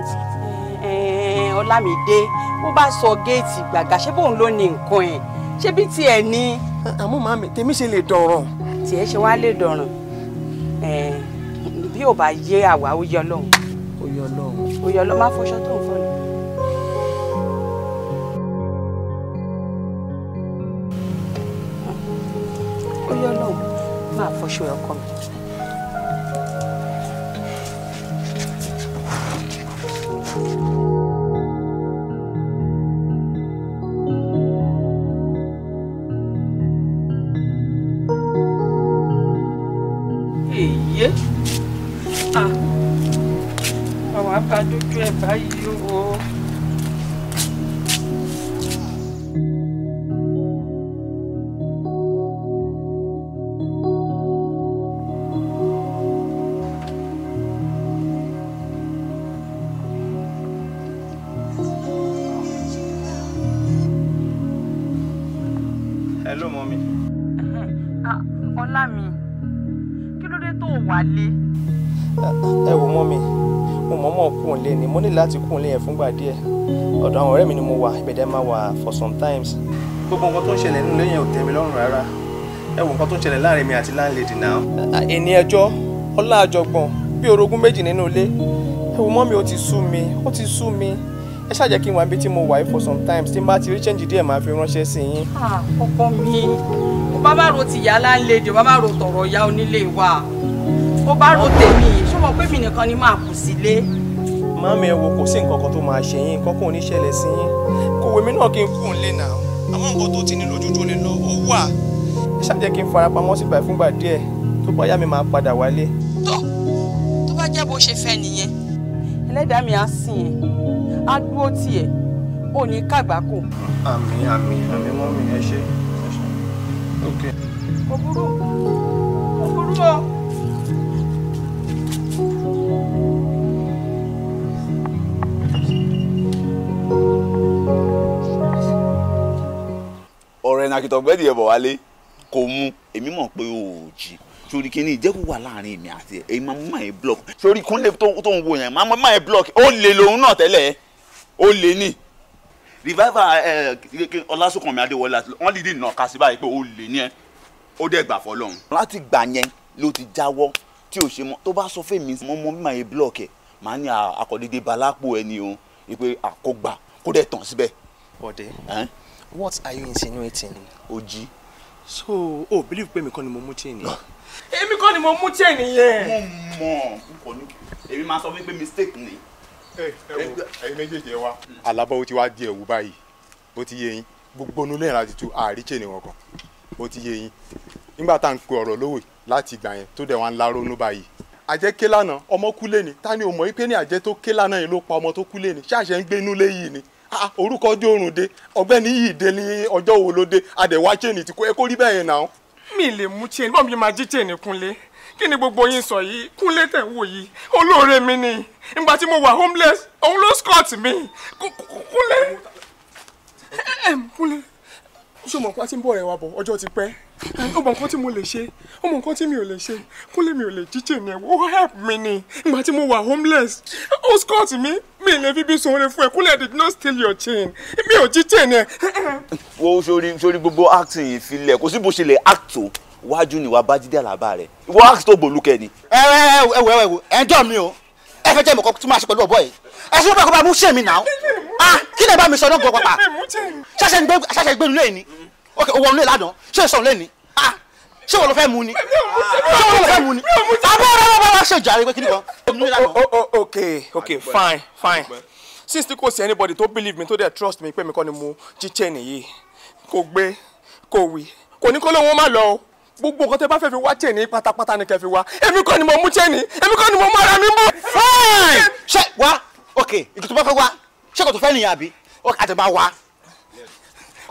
Ọlámídé bó bá sọ géètì gbàgà ṣé bóun ló ní nǹkan ẹ̀ ṣé bí tiẹ̀ ní. àmọ́ màmí tèmi ṣe lè dọ̀rọ̀. tiẹ̀ ṣe wá lè dọ̀rọ̀ bí ò bá yé àwa ó yọ lọ́hùn. ó yọ lọ́hùn. ó yọ lọ́hùn má fọṣọ tó ń fọ́ ni. ó yọ lọ́hùn máa fọṣọ ọkọ mi. bá dojú ẹ̀ báyìí o. mo ní láti kúrò lẹ́yìn fúngbà díẹ̀ ọ̀dọ̀ àwọn ọ̀rẹ́ mi ni mo wà ibẹ̀ máa wà for some times gbogbo nǹkan tó ń ṣẹlẹ̀ nínú lẹ́yìn ò mi lọ́rùn rárá ẹ wo nǹkan tó ń ṣẹlẹ̀ láàrin mi àti láńlẹ́dì náà. ẹni ẹjọ́ ọlá àjọgbọ̀n bí orogún méjì nínú ilé ẹ wo mọ́ mi ó ti sú mi ó ti sú mi ẹ ṣáà jẹ́ kí n wà níbi tí mo wà yìí for some times tí n bá ti rí change díẹ̀ máa fi ránṣẹ́ sí yín. ọkọ mi ó bá bá ro ti ìyá láńlẹ́dì ó bá bá ro tọ̀rọ̀ ìyá onílé wa ó bá ro tèmi ṣé mo pé mi nìkan ni máa kù sílé màámi ẹ wo kò sí nǹkan kan tó máa ṣe yín nǹkan kan ò ní ṣẹlẹ̀ sí yín kò wèmí náà kí n kú nílé náà àmọ́ nǹkan tó ti ní lójú tó lè lọ ó wà. ẹ ṣàjẹ́ kí n farapamọ́ sígbà fúngbà díẹ̀ tó bá yá mi máa padà wálé. tó tó bá jẹ́ bó ṣe fẹ́ nìyẹn. ẹlẹ́dàá mi á sìn ẹ́ á dúró tiẹ̀ ò ní kàgbákò. àmín àmín àmín mọ́ mi ẹ ṣe. ok. kò burú o. ọ̀gbẹ́ni akitọ ọ̀gbẹ́ni ẹbọ wálé kò mu èmi mọ̀ pé o ò jí sórí kí ni ìjẹ́kù wà láàrin èmi àti ẹ̀ èmi máa mú máa yẹ block sórí kúnlẹ̀ tó ń wo yẹn máa mú máa yẹ block ó lè lòun náà tẹ́lẹ̀ ó lè ní revival ọlásùnkànmí adéwọlé wọn lè dènà kà sí báyìí pé ó lè ní ẹ ó dẹ̀ gbà fọlọ́run. láti gbà yẹn ló ti jáwọ́ tí ò ṣe mọ́ tó bá sọ fún mi mo mọ mímọ̀ yẹn block ẹ̀ màá ní àkọ́dédé balápò ẹni o ìpè àkógbà kó dẹ̀ tàn síbẹ̀. bọ̀dé what are you insinuating oji so oh, believe pé mi kọ́ ni mo mú chain yẹn. èmi kọ́ ni mo mú chain yẹn. mo mọ̀ kò ní èmi máa sọ wípé mistake ni. ẹ ẹ wo ẹyin méjèèjì ẹ wá. alábọ̀ hmm. ó ti wá di ẹ̀wù báyìí bó ti yé yín gbogbo onú lẹ́yìn láti tu àárí chain wọn kan bó ti yé yín nígbà tá à ń pe ọ̀rọ̀ lówè láti ìgbà yẹn tó dẹ̀ wá ń láró nú ọmọ kú ni ta ni o mọ̀ wípé ní àjẹ́ tó ké lánàá yìí pa ọmọ tó kú lé ni ṣáà ṣe ń gbé inú ni Ah, orúkọ ọjọ́ òrùn dé ọ̀gbẹ́ni yìí dé ní ọjọ́ wo ló dé adẹ̀wá chain ti kó ẹ kó rí bẹ́ẹ̀ yẹn náà. mi lè mú chain bọ́ọ̀mù yìí máa jí chain kúnlé kí ni gbogbo yín sọ yìí kúnlé tẹ̀ wò yìí olóore mi ni ìgbà tí mo wà homeless òun ló scott mi kúnlé kúnlé. ṣé o mọ̀ pé a ti ń bọ̀ rẹ̀ bọ̀ ọjọ́ ti pẹ́ ó mọ nǹkan tí mo lè ṣe ó mọ nǹkan tí mi ò lè ṣe kúnlẹ̀ mi ò lè jíjẹ ní ẹ̀wọ̀ ó help mi ni ìgbà tí mo wà homeless ó scott mi mi lè fi bí sanwó lè fún ẹ kúnlẹ̀ did not steal your chain mi ò jíjẹ ní ẹ. wo sori sori gbogbo acting yìí filẹ kò sí bó ṣe lè act tó wájú ni wàá bá jíde àlàbà rẹ ìwọ act tó bòlúkẹ ni. ẹ ẹ ẹ wẹ ẹ wẹ ẹ ń jọ mi o ẹ fẹ́ jẹ́ ìmọ̀kọ́ tí máa ṣe pẹ̀lú ọ̀bọ yìí ẹ sọ fún mi kó bá mú ṣèmi náà kí lè ah, bá mi sọ náà gbọ́ pàpà ṣàṣẹ gbẹnu lẹ́yìn ni ok owó ọ̀nà ìlànà ṣé sọ̀rọ̀ lẹ́ni ṣé wọ́n lọ fẹ́ mu ni ṣé wọ́n lọ fẹ́ mu ni abẹ́rẹ́ wọn bá wá ṣèjà rẹ pé kí ni kan. Oh, oh, oh, ok ok fine fine since kò sí anybody tó believe me tó dẹ̀ trust me pé mi kọ́ ni mo jíjẹ́ nìyí kò gbé kò wí kò ní kó lóun má lọ o gbogbo nǹkan tẹ bá fẹ́ fi wá chain pátápátá ni kẹ́ fi wá èmi kọ́ ni mo mú chain èmi kọ́ ni mo mú ara mi mú. fine ṣe wá ok ìtùtù bá fẹ́ wá ṣé kò tó fẹ́ nìyà bí àtẹ̀bá wá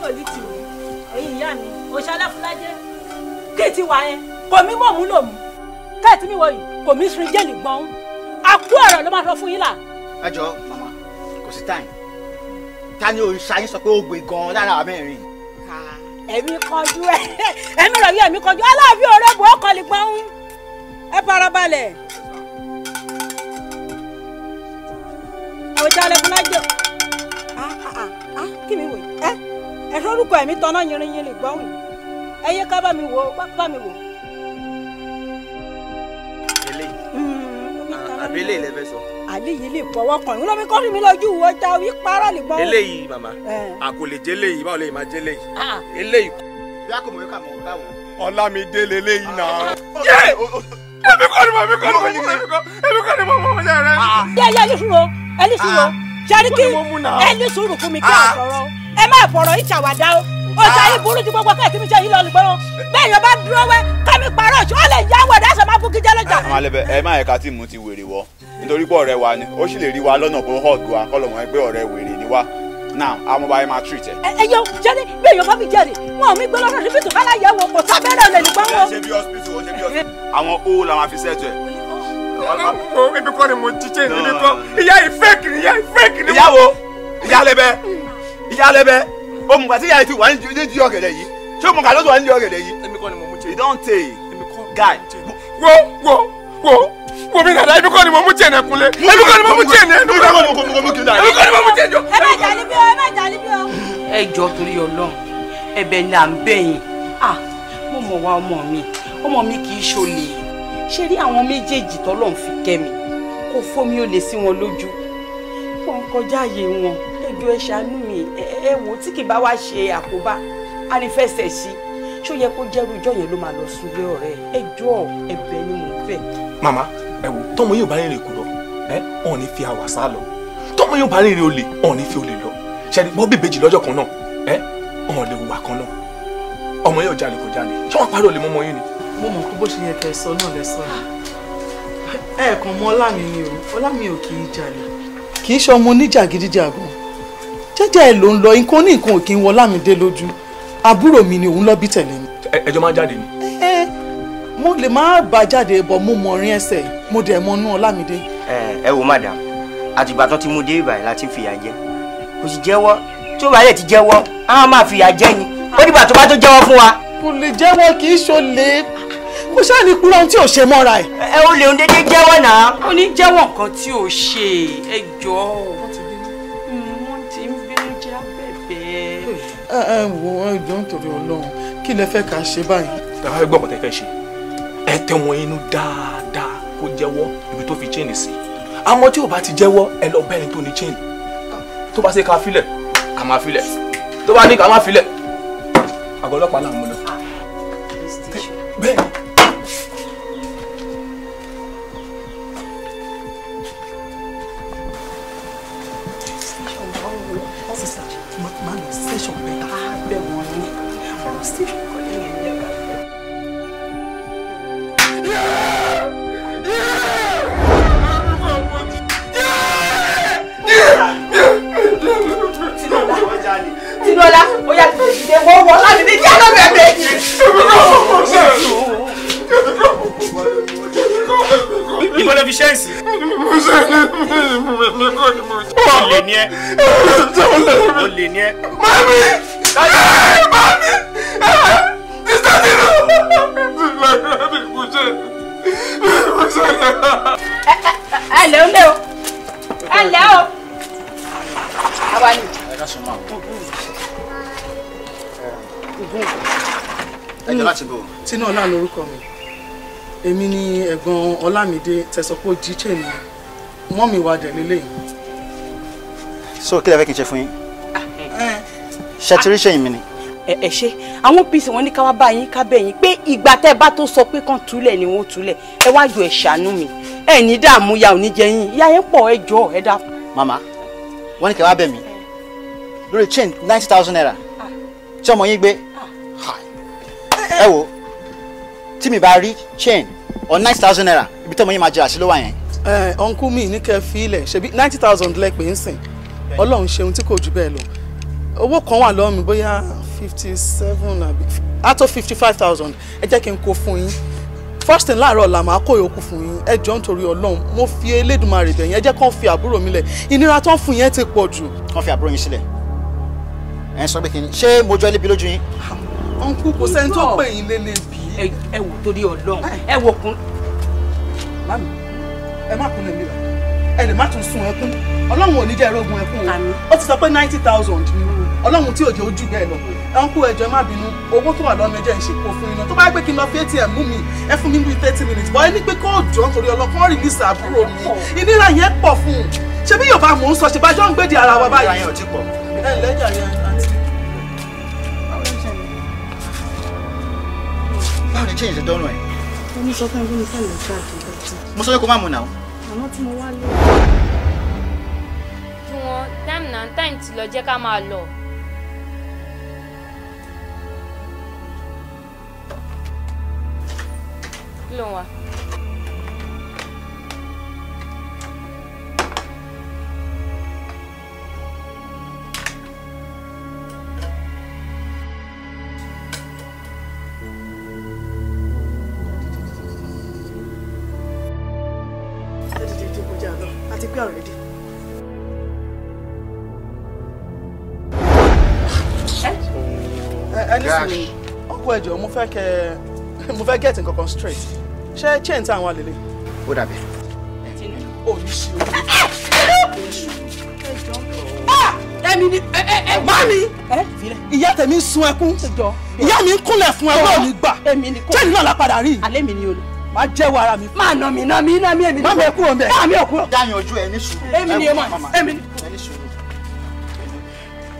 yín ò lè tì mí ẹ̀yin ìyá mi òṣàlẹ̀ fúlájẹ́ kí ti wà yẹn kò mí mọ̀ mú lò mú mi wọ yìí kò mí sun jẹ́lì gbọ́n àkú ọ̀rọ̀ ló máa sọ fún yín là. ẹ jọ màmá kò sí táyì ta ni òrìṣà yín sọ pé ó gbé gan lára àwọn mẹ́rin. ẹ̀mí kọjú ẹ̀ ẹ̀mí rẹ̀ yẹ ẹ̀mí kọjú aláàbí ọ̀rẹ́ bò ó kọ́lé gbọ́n ẹ farabalẹ̀. òṣàlẹ̀ fúlájẹ́ kí mi wò ẹ́ ẹ̀rọ orúkọ ẹ̀mí tanná yìnrìnyìnrìn gbọ́hùn ẹ yé ká bá mi wò ó bá mi wò. àbílẹ̀ ilẹ̀ fẹ́ sọ. àléyìí lè fọwọ́ kan ìwúlọ́ mi kọ́ mi lójú wo ja wí para lè gbọ́. eléyìí màmá àkòlè jẹ́ eléyìí báwo lè máa jẹ́ eléyìí eléyìí. bí a kò mọ̀ yóò kà mọ̀ báwo. ọlámidé leléyìí náà. yé èmi kọ́ ni mo èmi kọ́ ni mo èmi kọ́ ni mo bí ẹ yẹ ẹni sùn o ẹni sùn o ṣe é ní sùn rù mi kí a sọ̀rọ̀ ẹ má fọ̀rọ̀ ìṣàwádà o ah. ọjà yìí burú ju gbogbo kẹ́ẹ̀tì mi jẹ́ yìí lọ lùgbọ́n bẹ́ẹ̀ yọba dúró wẹ́ kámi parọ́ ṣé ó lè yá wẹ̀ dáṣọ máa fún kíjẹ́ lọ́jà. àwọn ah, alẹ́ ẹ má ẹ̀ka tí mú ti wèrè wọ nítorí pé ọ̀rẹ́ wa ni ó sì lè rí wa lọ́nà bó hàn tó akọ́lọ̀ wọn pé ọ̀rẹ́ wèrè ni wá now àwọn ọba yẹn máa treat ẹ. ẹ yọ jẹni bí èèyàn bá mi jẹrè wọn ò mí gbé lọ́dọ̀ síbi tó kálá yẹ̀wò kò sábẹ́rẹ́ ọ̀lẹ̀ nígbà wọn. àwọn owó la máa fi ṣẹ́jú o ibi kọ́ ni mo jíjẹ́ ibi kọ́ ìyá ìfẹ́kì ni ìyá ìfẹ́kì ni. ìyá wo ìyá ìyálẹ́bẹ̀ o mọ̀ àti ìyá yìí ti wà ní ju ọ̀gẹ̀dẹ̀ yìí ṣé o mọ̀ kà ló ti wà ní ọ̀gẹ̀dẹ̀ yìí. èmi kọ́ ni mo mú jẹ. you don tey guy. wo wo wo wo mi dada èmi kọ́ ni mo mú jẹ nẹ kunle èmi kọ́ ni mo mú jẹ nẹ èmi kọ́ ni mo mú jẹ nẹ èmi kọ́ ni mo mú jẹ jọ. ẹ má jà níbí o ẹ má jà níbí o. ẹ jọ torí Ọlọ́run ẹ̀bẹ̀ ni à ń bẹ̀ yín ah mo mọ̀ wá ọmọ mi ọmọ mi kì í ṣolè ṣe rí àwọn méjèèjì tọ́lọ́run fi kẹ́ mi kò fómi ó lè sí wọn lójú wọn kọjá àyè wọn ìjọ ẹ ṣàánú mi ẹ wò tí kì bá wá ṣe àkóbá a ní fẹsẹ̀ sí ṣó yẹ kó jẹ́rú ìjọ yẹn ló máa lọ súnlé ọ̀rẹ́ ẹ jọ ẹ̀bẹ̀ ni mò ń fẹ́. màmá ẹ wò tọmọ yóò bá rìnrìn kú lọ ẹ ọ̀ ní fi àwà sá lọ tọmọ yóò bá rìnrìn olè ọ̀ ní fi olè lọ ṣẹ́ni wọ́n bèbèjì lọ́jọ́ kan náà ẹ ọ̀ lè wà kan náà ọmọ yóò jalè kò jalè ṣé wọ́n parí olè mọ́mọ́ yín ni. mo mọ̀ pé bó ṣe yẹ kẹ́ ẹ sọ náà lẹ sọ ni ẹ̀ẹ̀kan mọ́ ọlá mi ni o ọlá mi ò kì í jalè kì í ṣe ọmọ oníjàgídíjàgan jẹ́jẹ́ ẹ ló ń lọ nǹkan ní nǹkan òkè ń wọ lámìdé lójú àbúrò mi ni òun lọ bí tẹ̀lé mi. ẹjọ́ máa jáde ni. ẹ mo lè má bàa jáde bọ̀ mo mọ̀ rin ẹsẹ̀ mo dẹ̀ mọ̀ nú ọlámìdé. ẹ ẹ wo madam àtìgbà tán ti mú dé ìbàyẹ̀ láti fìyà jẹ kò sì jẹ́wọ́ tí ó bá lè ti jẹ́wọ́ á máa fìyà jẹ ni ó dìgbà tó bá tó jẹ́wọ́ fún wa. kò lè jẹ́wọ́ kì í ṣolè kò ṣáà ní kúrò ohun tí ò ṣe mọ́ra ẹ̀. ẹ o lè ń dédé jẹ́wọ́ náà. ó ní jẹ́wọ́ nǹkan tí ò ṣe é jọ. ẹ eh, ẹ eh, wo ẹjọ́ eh, nítorí Ọlọ́run kí lẹ fẹ́ ká ṣe báyìí. ẹ gbọ́ ọ̀tẹ̀ fẹ́ ṣe ẹ tẹ̀wọ̀n inú dáadáa kó jẹ́wọ́ ibi tó fi chain sí àmọ́ tí ò bá ti jẹ́wọ́ ẹ lọ bẹ́ẹ̀ ni tó ní chain tó bá ṣe ká filẹ̀ ká máa filẹ̀ tó bá ní ká máa filẹ̀ àgọ́ ọlọ́pàá làwọn mú lọ. bẹ́ẹ̀ tínú ọlá lórúkọ mi èmi ni ẹ̀gbọ́n ọlámídé tẹ̀sọ́pọ̀ jíjẹ́ ni wọ́n mi wà dẹ̀ lélẹ́yìn. so kí lè fẹ́ kí n ṣe fún yín ṣàtúríṣẹ́ yìí mi ni. ẹ ẹ ṣe àwọn pc wọn ní ká wá bá yín ká bẹ̀ yín pé ìgbà tẹ́ bá tó sọ pé kàn túlẹ̀ ni wọ́n túlẹ̀ ẹ wá jọ ẹ̀ ṣàánú mi ẹ ní dààmú ya ò ní jẹ yín ìyá yẹn pọ̀ ẹ jọ ẹ dá. màmá wọn ní kí wá bẹ̀ mí lórí chain ninety thousand naira tí ọmọ yín gbé ah. ẹ wò tí mi bá rí chain or nine thousand naira ibi tọ́mọ yín máa jẹ́ra sí ló wà yẹn. ẹ ọ̀nkú mi ní kẹ́ fi ilẹ̀ ṣebí ninety thousand lẹ́pẹ́ ń sìn ọlọ́run ṣeun tí kò jù bẹ́ẹ̀ lọ owó kan wà lọ́wọ́ mi bóyá fifty seven àbí á tó fifty five thousand ẹ jẹ́ kí n kó fún yín first thing láàárọ̀ là máa kó yòókù fún yín ẹ jọ nítorí ọlọ́run mo fi elédùnmarè bẹ̀ yín ẹ jẹ́ kán fi àbúrò mi lẹ̀ ìnira tán fún yẹn ti pọ̀ jù. wọ́n fi àbúrò yín sílẹ̀ ẹ̀ ń sọ pé kí ni ṣé mo jọ ẹ́ lébi lójú yín. Ah ọ̀nkú kò sẹ́ni tó pè yín lélẹ̀ bí. ẹ wò torí ọlọ́run eh. ẹ wò kún. mami ẹ má kun èmi rà ẹ lè má tún sun ẹkún ọlọ́run ò ní jẹ́ ẹrógun ẹkún ó ti sọ pé ninety thousand ni ọlọ́run tí òjò ojú bẹ́ẹ̀ lọ ọ̀nkú ẹjọ́ má bínú owó tó wà lọ́mọ ẹjọ́ ìṣe kó fún iná tó bá gbé kí n lọ fi atm mú mi ẹ fún mi bí thirty minutes bọ́ ẹ ní pé kó jọ nítorí ọlọ́kọ́ rìlíìsì àbúrò mi ìnira yẹn pọ̀ fún un ṣebí yorùbá mò ń sọ ṣèbájọ́ ń gbèdì ara wa báyìí. ẹ ǹlẹ́ jàre báwo ni change dọ́nù ẹ̀. wọ́n ní sọ fún ẹgbẹ́ mi fẹ́ lè ṣe àjọyọ̀. mo sọ pé kó má mu nà o. àmọ́ tí mo wá lé. kí wọ́n time na time ti lọ jẹ́ ká máa gosh. ọgbọ ẹjọ mo fẹ́ kẹ mo fẹ́ get nǹkan kan straight ṣé chain tí àwọn àlele. ó dàbí. oníṣẹ́ ah! ẹ̀mí ni ẹ̀gbá mi ìyá tèmi ń sun ẹkún ìyá mi ń kúnlẹ̀ fún ẹgbẹ́ mi gbà jẹ́ni náà la padà rí. alẹ́ mi ni o lọ máa jẹ́wọ́ ara mi. máa nà mí nà mí nà mí èmi. má mi kúrò mbẹ. má mi ò kúrò. dáyọ̀ ojú ẹ ní sùúrù. èmi ni ẹ mọ̀ èmi ni.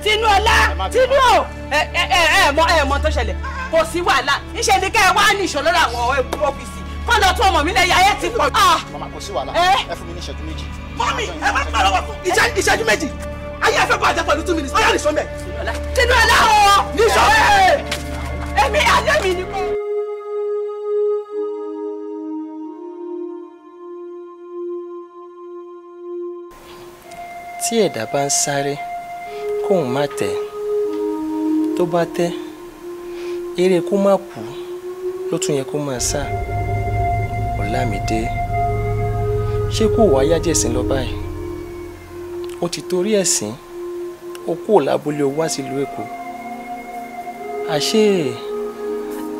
Tinúọlá Tinú o ẹ ẹ mọ ẹ mọ tó ṣẹlẹ̀ kò sí wàhálà níṣẹ́ ni kẹ́ ẹ wá ní ìṣòro àwọn ọ́fíìsì kọ́ lọ tún ọmọ mi lẹ́yìn ayé ti pọ̀. Ah! màmá kò sí wàhálà ẹ fún mi ní ìṣẹ́jú méjì. mọ́mí ẹ má fún ọlọ́wọ́ fún. ìṣẹ́jú méjì ayé ẹ fẹ́ bọ́ àjẹpọ̀ ní two minutes ọ̀yà nìṣọ́ mẹ́. tinú ẹ láwọ̀ nìṣọ́ ẹ̀ ẹ̀mí mi ni tí ẹ̀dá bá ń sáré kóun má tẹ̀ tó bá tẹ́ eré kó má kú ló tún yẹ kó máa sá Ọlámídé ṣé kò wá yájẹ̀sìn lọ báyìí ó ti torí ẹ̀sìn ó kúrò lábúlé ó wá sílùú Èkó àṣé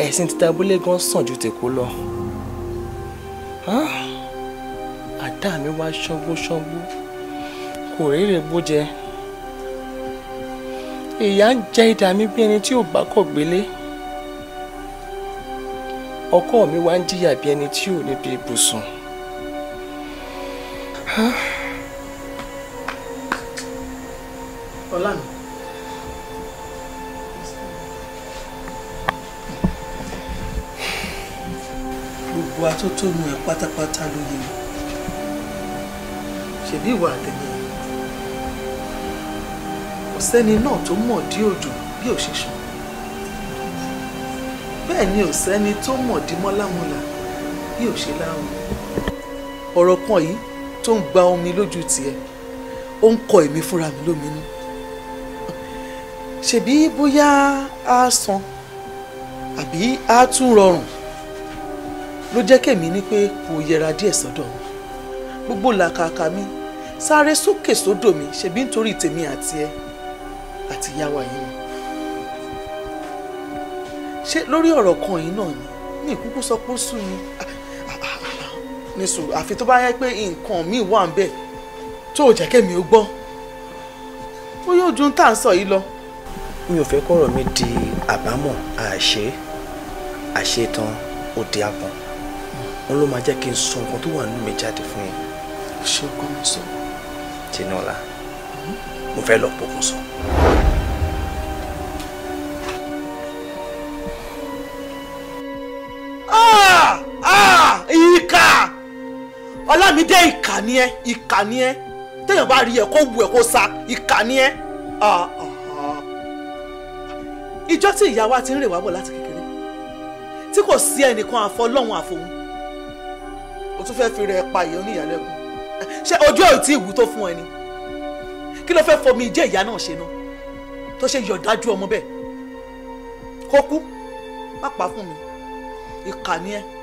ẹ̀sìn títa abúlé gan sàn ju tèkó lọ àdá mi wá ṣọ́gbó ṣọ́gbó kò rèrè bó jẹ ìyá ń jẹ idà mi bí ẹni tí ò bá kọ̀ gbélé ọkọ mi wá ń jìyà bí ẹni tí ò níbi ibùsùn. gbogbo atótónu ẹ pátápátá ló ṣèbí ìwà àtẹ̀yẹ kò sẹ́ni náà tó mọ̀ dí òjò bí ò ṣe ṣàn bẹ́ẹ̀ ni ò sẹ́ni tó mọ̀ dí mọ́lámọ́lá bí ò ṣe láwọn ọ̀rọ̀ kan yìí tó ń gba omi lójú tiẹ̀ ó ń kọ èmi fúnra mi lóminú ṣebí bóyá á san àbí á tún rọrùn ló jẹ́ kèmí ní pé kò yẹra díẹ̀ sọ́dọ̀ mi gbogbo làkàkà mi sáré sókè sódò mi ṣebí nítorí tèmi àti ẹ àti ìyá wa yìí ni ṣé lórí ọ̀rọ̀ kan yìí náà ni ní ìkúkú sọ pé ó sùn ni ní sùúrù àfi tó bá yẹ pé nǹkan míì wà ń bẹ̀ tó ò jẹ́ kẹ́mi ó gbọ́ ó yóò dùn tá à ń sọ yìí lọ. mi ò fẹ́ kọ́rọ̀ mi di àbámọ̀ àṣé àṣetán òde àpọ̀n wọn ló máa jẹ́ kí n sọ nǹkan tó wà nínú mi jáde fún yín. ṣé o kọ́ mi sọ. tinúlá mo fẹ́ lọ pokùn sọ. Àmídé ìkà ni ẹ́ ìkà ni ẹ́ téèyàn bá rí ẹ kó wù ẹ kó sa ìkà ni ẹ́. Ah, ah, ah. ìjọ tí ìyá wa ti ń rè wá bọ̀ láti kékeré tí kò sí ẹnìkan àfọlọ́hún àfọ̀hún o tún fẹ́ẹ́ fi rẹ̀ pa ìyá oníyàlẹ́kùn ṣé ojú ẹ̀ ò tí ì wú tó fún ẹ ni kí ló fẹ́ fọmi ìjẹ́ ìyá náà ṣe náà tó ṣe yọ̀dájú ọmọ bẹ́ẹ̀ kó kú má pa fún mi ìkà ni ẹ́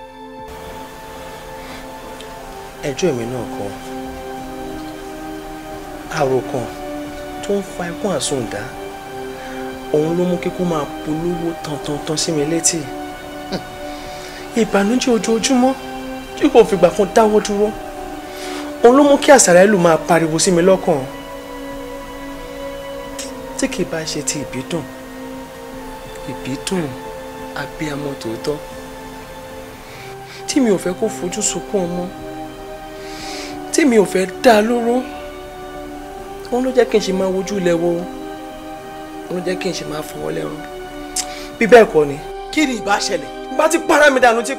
ẹjọ́ èmi náà kan àròkàn tó ń fa ikú àsundá òun ló mú kíkú máa polówó tantantan sí mi létí ìbànújẹ́ ojoojúmọ́ tí kò fìgbà kan dáwọ́ dúró òun ló mú kí àṣàrà ìlú máa pariwo sí mi lọ́kàn tí kì í bá ṣe ti ìbídùn ìbídùn abiyamọ tòótọ́ tí mi ò fẹ́ kó fojú sunkún ọmọ tèmi ò fẹ́ dá a lóró òun ló jẹ́ kí n ṣe máa wojú ilẹ̀ wo òun ló jẹ́ kí n ṣe máa fọwọ́ lẹ́rú bí bẹ́ẹ̀ kọ́ ni. kí ni ìbá ṣẹlẹ̀. bá ti para mi dànù ti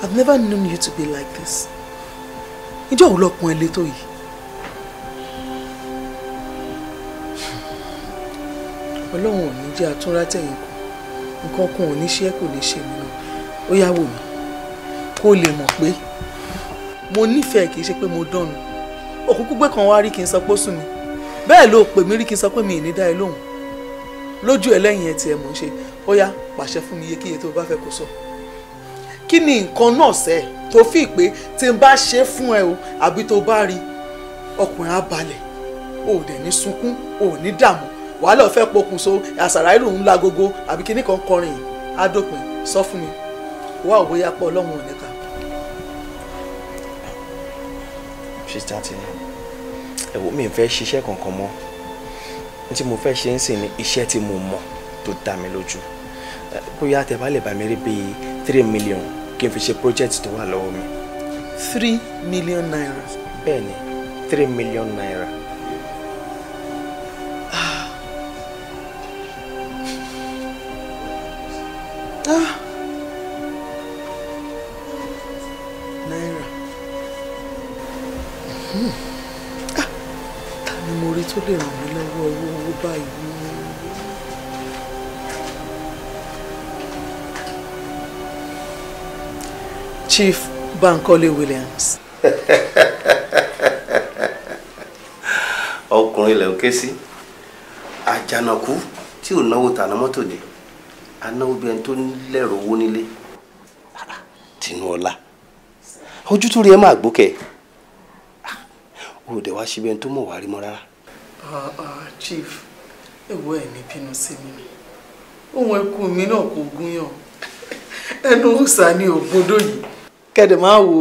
I've never known you to be like this. Ìjọ́ òun lọ pọn ẹ létò yìí. ọlọ́run ò ní jẹ́ àtúnrátẹ̀yìn kù nǹkan kan ò ní ṣe é kò ní ṣe mí náà ó yá wò mí kó lè mọ̀ pé mo nífẹ̀ẹ́ kì í ṣe pé mo dànù òkúkú gbé kan wá rí kí n sọ pé ó sùn mí bẹ́ẹ̀ ló pè mí rí kí n sọ pé mi ì ní dá ẹ lóhùn lójú ẹ lẹ́yìn ẹ tiẹ̀ mò ń ṣe ó yá pàṣẹ fún mi iyekíye tó o bá fẹ́ kó sọ kí ni nǹkan náà sẹ́ tó fi pé tí n bá ṣe fún ẹ o àbí tó bá rí ọkùnrin á balẹ̀ o ò dẹ̀ ní sunkún o ò ní dààmú wàhálà ọ̀fẹ́ pokùnso àṣàrà ìlú ńlá gogo àbí kíní kan kọrin á dópin sọ fún mi wá ò bóyá pọ̀ ọlọ́run ò ní ká. sista tini ẹ̀wọ́ mi fẹ́ ṣiṣẹ́ kankan mọ́ tí mo fẹ́ ṣe ń sìn ní iṣẹ́ tí mo mọ̀ tó dá mi lójú bóyá tẹ bá lè bá mi rí bíi three million kí n fi ṣe project tó wà lọ́wọ́ mi. three million naira. bẹ́ẹ̀ni three million naira. náírà hmm. ah, ta ni mo rí tó lè ràn mí lọ́wọ́ owó owó báyìí. Chief Bankole Williams. ọkùnrin ilẹ̀ ń ké sí àjànàkú tí ò náwó tàná mọ́tò dé aná obìnrin tó lẹ́rọ owó nílé Tinúọlá ojú tó rí ẹ máa gbókẹ́ o ò wá síbi ẹni tó mọ̀ wá mọ́ rárá. Ah, ah, chief èwo ẹ̀ ní bínú sí mi ohun ẹkú mi náà kò gúnyàn ẹnu òòsà ni ògbódò yìí kẹ́dẹ̀ máa wo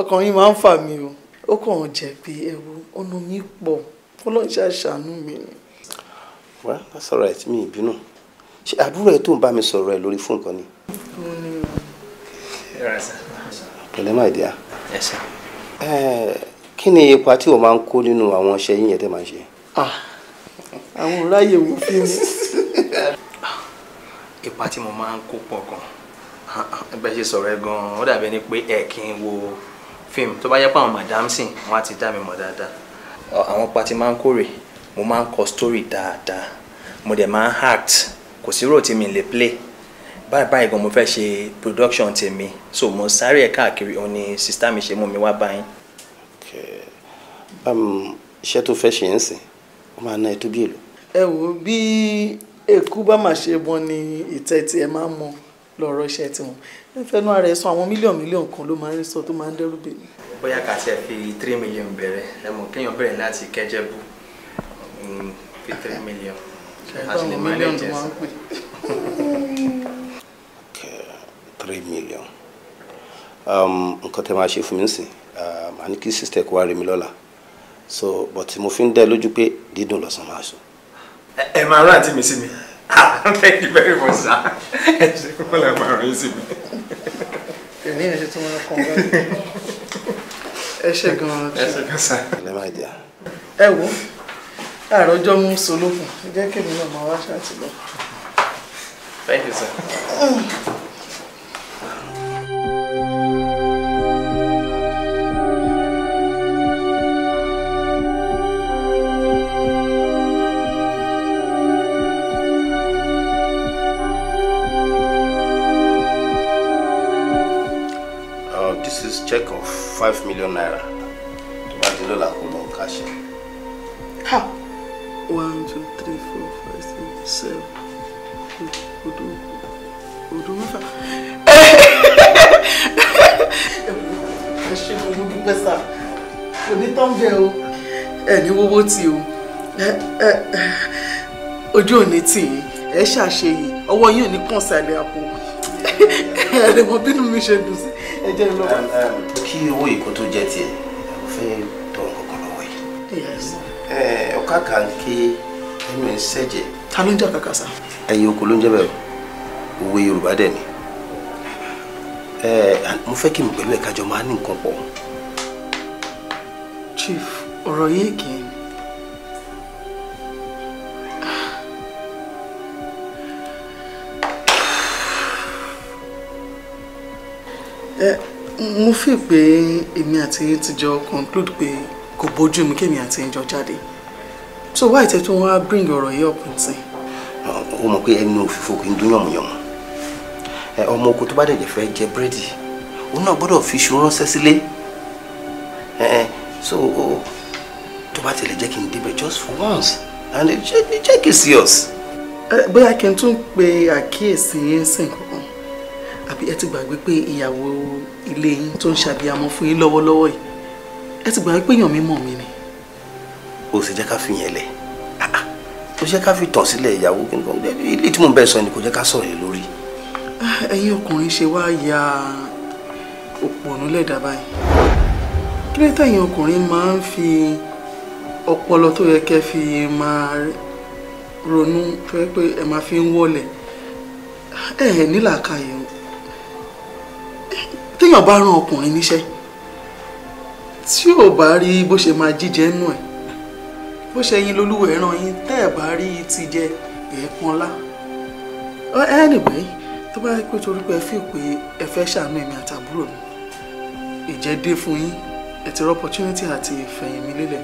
ọkàn yín máa ń fà mí o ó kàn jẹ́ pé ẹ̀wọ̀ ọ̀nà mi pọ̀ ọlọ́jà ṣàánú mi ni. well that's all right mi ìbínú. No ṣe àbúrò ẹ tó ń bá mi sọ̀rọ̀ ẹ lórí fóònù kan ni. pẹ̀lẹ́ máa dìá. kí ni ipa tí o máa ń kó nínú àwọn ọṣẹ yín yẹn tẹ́ máa ń ṣe. àwọn ráyè wò fi mi. ipa tí mo máa ń kó pọ̀ gan bẹ́ẹ̀ ṣe sọ̀rọ̀ ẹ gan-an ó dàbí ẹni pé ẹ̀ kí n wo fíìmù tó bá yẹ pé àwọn madam sìn wọn á ti dá mi mọ̀ dáadáa. àwọn ipa tí máa ń kórè mo máa ń kọ sítórì dáadáa mo dẹ̀ máa ń act kò sí role tí mi lè play báyìí báyìí gan mo fẹ́ ṣe production tèmi so mo sáré ẹ̀ káàkiri òun ni sista mi ṣe mú mi wá báyìí. Um, iṣẹ́ tó fẹ́ ṣe ń sìn ó máa ná ẹ tó bí èlò. ẹ wò bí èkú bá máa ṣe bọ́n ni ìtẹ́ tí ẹ máa ń mọ lọ́rọ̀ iṣẹ́ tiwọn ẹ fẹ́nu ara ẹ sọ àwọn mílíọ̀nù mílíọ̀nù kan ló máa ń sọ tó máa ń dẹ́rù bèèrè. bóyá kà á ti ẹ fi three million bẹ̀rẹ̀ ẹ mọ̀ kéèyàn bẹ̀rẹ̀ láti kẹ́jẹ́ bú mm, fi three million a ṣe lè manage ẹ sí. three million um, nǹkan tẹ́ máa ṣe fún mi sìn um, a ní kí sister kó wá rí mi lọ́la so but mo fi ń dẹ́ lójú pé dídùn lọ́sàn máa sùn. ẹ máa rán àǹtí mi sí mi ah, thank you very much sir ẹ ṣe kókó lẹ́ẹ̀ máa rán yín sí mi. èmi ẹ̀ ṣe tí wọ́n kàn wá ẹ ṣe gan-an. ẹ ṣe gan-an sir. ẹ wo àárọ̀ ọjọ́ mú solókùn ẹ jẹ́ kí èmi náà máa wá ṣàtìlọ. Thank uh, check of five million naira To bá di lọ́la kó cash. káṣẹ one two three four five six seven odò odò mẹ́fà. Eh, ṣe mo ní dúpẹ́ sá kò ní tán bẹ́ẹ̀ o eh, ní wọ́wọ́ Eh, o ojú eh, ní tì yín ẹ ṣàṣeyìí ọwọ́ Eh, ò ní kàn sálẹ̀ Eh, ẹ̀rẹ̀ mọ bínú mi ṣe dùn sí ẹ̀jẹ̀ lọ. kí owó ìkó tó jẹ́ tiẹ̀ mo fẹ́ tọrọ kankan lọ́wọ́ yìí. Eh, ọ̀kàkà nke ẹnu ẹ̀ ń sẹ́jẹ̀. ta ló ń jẹ́ ọ̀kàkà sá. ẹ̀yin yorùbá dẹ̀ ni eh, mo fẹ́ kí mi pẹ̀lú ẹ̀ka jọ máa ní nǹkan pọ̀. chief ọ̀rọ̀ yìí kì í. Eh, mo fi pé èmi àti yín ti jọ conclude pé. Pe kò bójú mi kémi àti ìjọ jáde so why tẹ tó wá bring ọ̀rọ̀ yìí up nsìn. ó mọ̀ pé ẹnu òfìfo kì í dún yànmùyànmù ọmọ oko tó bá dẹ̀jẹ̀ fẹ́ jẹ búrẹ́dì òun náà gbọ́dọ̀ fi iṣu ránṣẹ́ sílé so tó bá tẹ̀lé jẹ́ kí n débẹ̀ just for once and jẹ́ kí serious. bóyá kí n tún pe àkíyèsí yín sìn kankan àbí ẹ ti gbàgbé pé ìyàwó ilé yín tó ń ṣàbíyamọ fún yín lọ́wọ́lọ́wọ́ yìí ẹ ti gbà wípé èèyàn mi mọ̀ mi ni. o sì jẹ́ ká fi yẹn lẹ̀ o ah, ah. jẹ́ ká fi tàn sílẹ̀ ìyàwó kí n kàn gbẹ ilé tí mò ń bẹ̀ sọ ni kò jẹ́ ká sọ̀rọ̀ yẹn lórí. Ah, ẹ̀yin ọkùnrin ṣe wá ya òpònú lẹ́dà báyìí kí ló tẹ̀yìn ọkùnrin máa ń fi ọpọlọ tó yẹ kẹ́ fi máa ronú tó yẹ pé ẹ máa fi ń wọlẹ̀ ẹ ẹ nílàákàyè o téèyàn bá rán ọkùnrin níṣẹ́ tí ò bá rí bó ṣe máa jíjẹ nù ẹ̀ bó ṣe yin lolúwẹ̀ ràn yín tẹ́ ẹ̀ bá rí ti jẹ ẹ̀ẹ̀kan lá anyway tó bá pé torí pé ẹ fi pé ẹ fẹ́ ṣàánú èmi àtàbúrò mi ìjẹ́dé fún yín ẹ ti rọ opportunity àti ìfẹ̀yìn mi lélẹ̀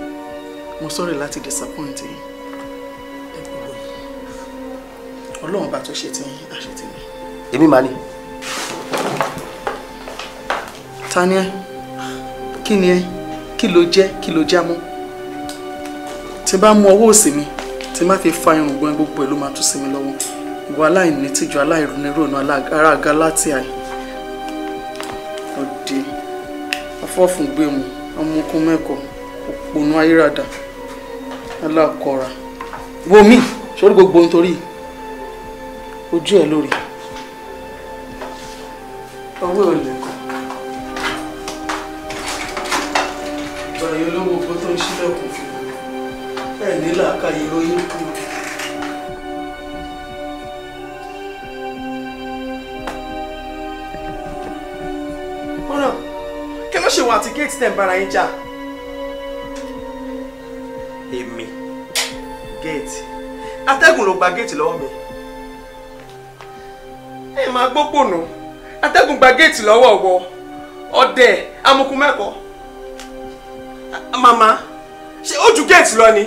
mo sorry láti disappoint yín ẹ gbogbo ọlọ́run bá tó ṣe ti yín àṣetì mi. èmi màá ní. ta ẹ kí ni ẹ kí ló jẹ́ kí ló já mọ́ tí bá mú ọwọ́ òsì mi tí má fi fa irun gbọ́n gbogbo ẹ̀ ló máa tún sí mi lọ́wọ́ ìwà aláìní tíjú aláìronírònú ará Gálátíà òde afọ́fùngbẹ̀mù ọmọkùn mẹ́kọ̀ọ́ òpònú ayérada aláàkọ́ra wo mi sórí gbogbo ohun torí ojú ẹ̀ lórí ọwọ́ ẹ̀ ìgbà yìí olówó oko tó ń ṣílẹ̀kùn fún ẹ̀ ní làákàyè ròyìn kù. mọ́nà kí ló ṣe wà àti géètì tẹ̀ ń bára yín jà. èmi géètì atẹ́gùn ló gba géètì lọ́wọ́ mi ẹ máa gbópònà atẹ́gùn gba géètì lọ́wọ́ ọ̀wọ́ ọdẹ amukun Mama, ṣé ojú géètì lọ ni.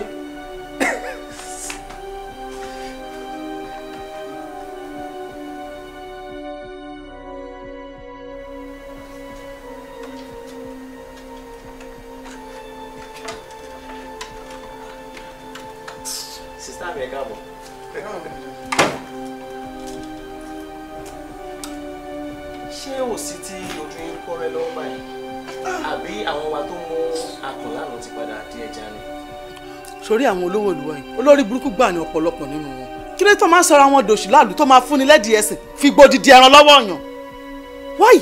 àwọn olówó ìlú wọ̀nyí olórí burúkú gbà ní ọ̀pọ̀lọpọ̀ nínú wọn kí ló tó máa ń sọra wọn dòṣù láàlú tó máa fúnni lẹ́dìí ẹ̀sìn fi gbòdìdì ẹran lọ́wọ́ ọ̀yàn wáyì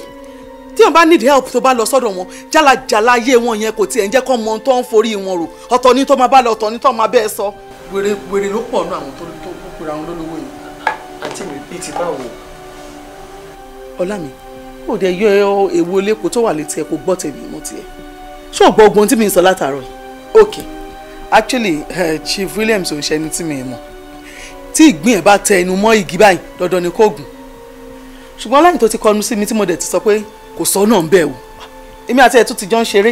tí wọn bá need help tó bá lọ sọ́dọ̀ wọn jálajàla ayé wọn yẹn kò tiẹ̀ ń jẹ́ kó mọ ohun tó ń forí wọn rò ọ̀tọ̀ ni tó máa bá lọ ọ̀tọ̀ ni tó máa bẹ́ẹ̀ sọ. wèrè wèrè ló pọ̀ nù àwọn tó tó pera wọn lólówó àti mi ti báwo. ọlá mi actually uh, chief williams ò ń ṣẹni tí mi mọ̀ tí ìgbín ẹ̀ bá tẹ ẹnu mọ́ igi báyìí dandan ni kò gùn ṣùgbọ́n lẹ́yìn tó ti kọnu sí mi tí mo dẹ̀ ti sọ pé kò sọ náà ń bẹ̀ o èmi àti ẹ̀ ti jọ ń ṣeré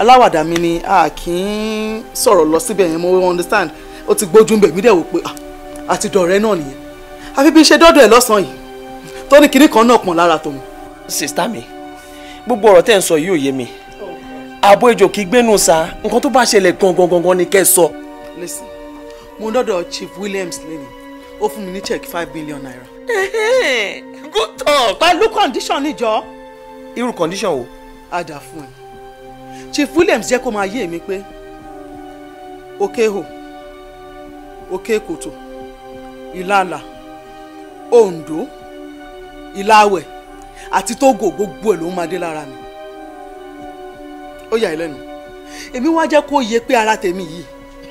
aláwàdà mi ni a kì í sọ̀rọ̀ lọ síbẹ̀ yẹn mo understand ó ti gbójú ń bẹ̀ mí dẹ̀ wò pé àti ah, dọ̀rẹ́ náà nìyẹn àfi bí ṣe dọ́dọ̀ ẹ̀ lọ́sàn-án yìí tó ní kinní kan náà pọ̀n lára tòun. sista mi gbogbo ọ̀rọ̀ tẹ́ ń sọ yìí ò yé mi àbọ̀ ejò kì í gbénu sa nǹkan tó bá ṣẹlẹ̀ gangan gangan ni kẹ́ ẹ sọ. listen mo dọ́dọ̀ chief williams lẹ́nu ó fún mi ní check five billion naira. good talk. pẹ̀lú condition níjọ́. irú condition wo. a dà fún ẹ chief williams jẹ́ kó máa yé mi pé òkè hò òkè kòtò ìlàlà ondo ìlàwẹ̀ àti togo gbogbo ẹ̀ ló ń máa dé lára mi ó yà ẹ́ lẹ́nu èmi wá jẹ́ kó yé pé ara tèmi yìí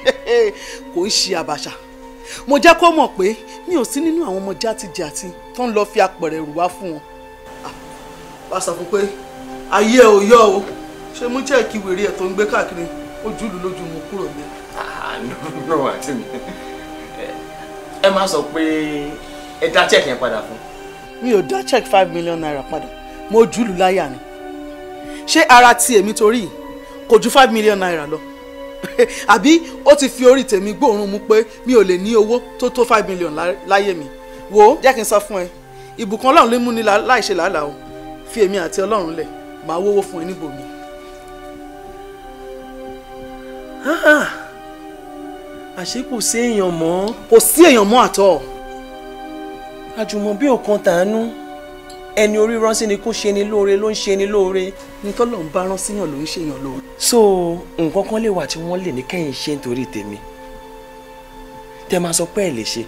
kò ń ṣe àbàṣà mo jẹ́ kó mọ̀ pé mi ò sí nínú àwọn ọmọ játijàti tó ń lọ fi apẹ̀rẹ̀ rù wá fún wọn. Ah, wá sọ fún pé ayé ẹ ò yọ o ṣé mú jẹ́ kí wèrè ẹ̀ tó ń gbé káàkiri ojú ìlú lójú mo kúrò ní. Ah, no àti mi ẹ má sọ pé ẹ dá check yẹn padà fún. mi ò dá check five million naira padà mo jùlù láyà ni ṣé ara ti èmi torí kò ju five million naira lọ àbí ó ti fi orí tèmi gbóòórùn mu pé mi ò lè ní owó tó tó five million láyé mi wo jẹ́ kí n sọ fún ẹ ìbùkún ọlọ́run lè mú ni láì ṣe làálàá o fi èmi àti ọlọ́run lẹ̀ màá wówó fún ẹ níbòmí. Ah! àṣé kò sí èèyàn mọ́. kò sí èèyàn mọ́ àtọ́. àjùmọ̀ bí òkan tàánú ẹni orí ránṣẹ́ ni kún ṣe ni lóore ló ń ṣe ni lóore ní tọ́lọ̀ ń bá ránṣẹ́ yàn ló ń ṣe yàn lóore. so nǹkan kan lè wà tí wọ́n lè ní kẹ́yìn ṣe nítorí tèmi tẹ máa sọ pé ẹ lè ṣe.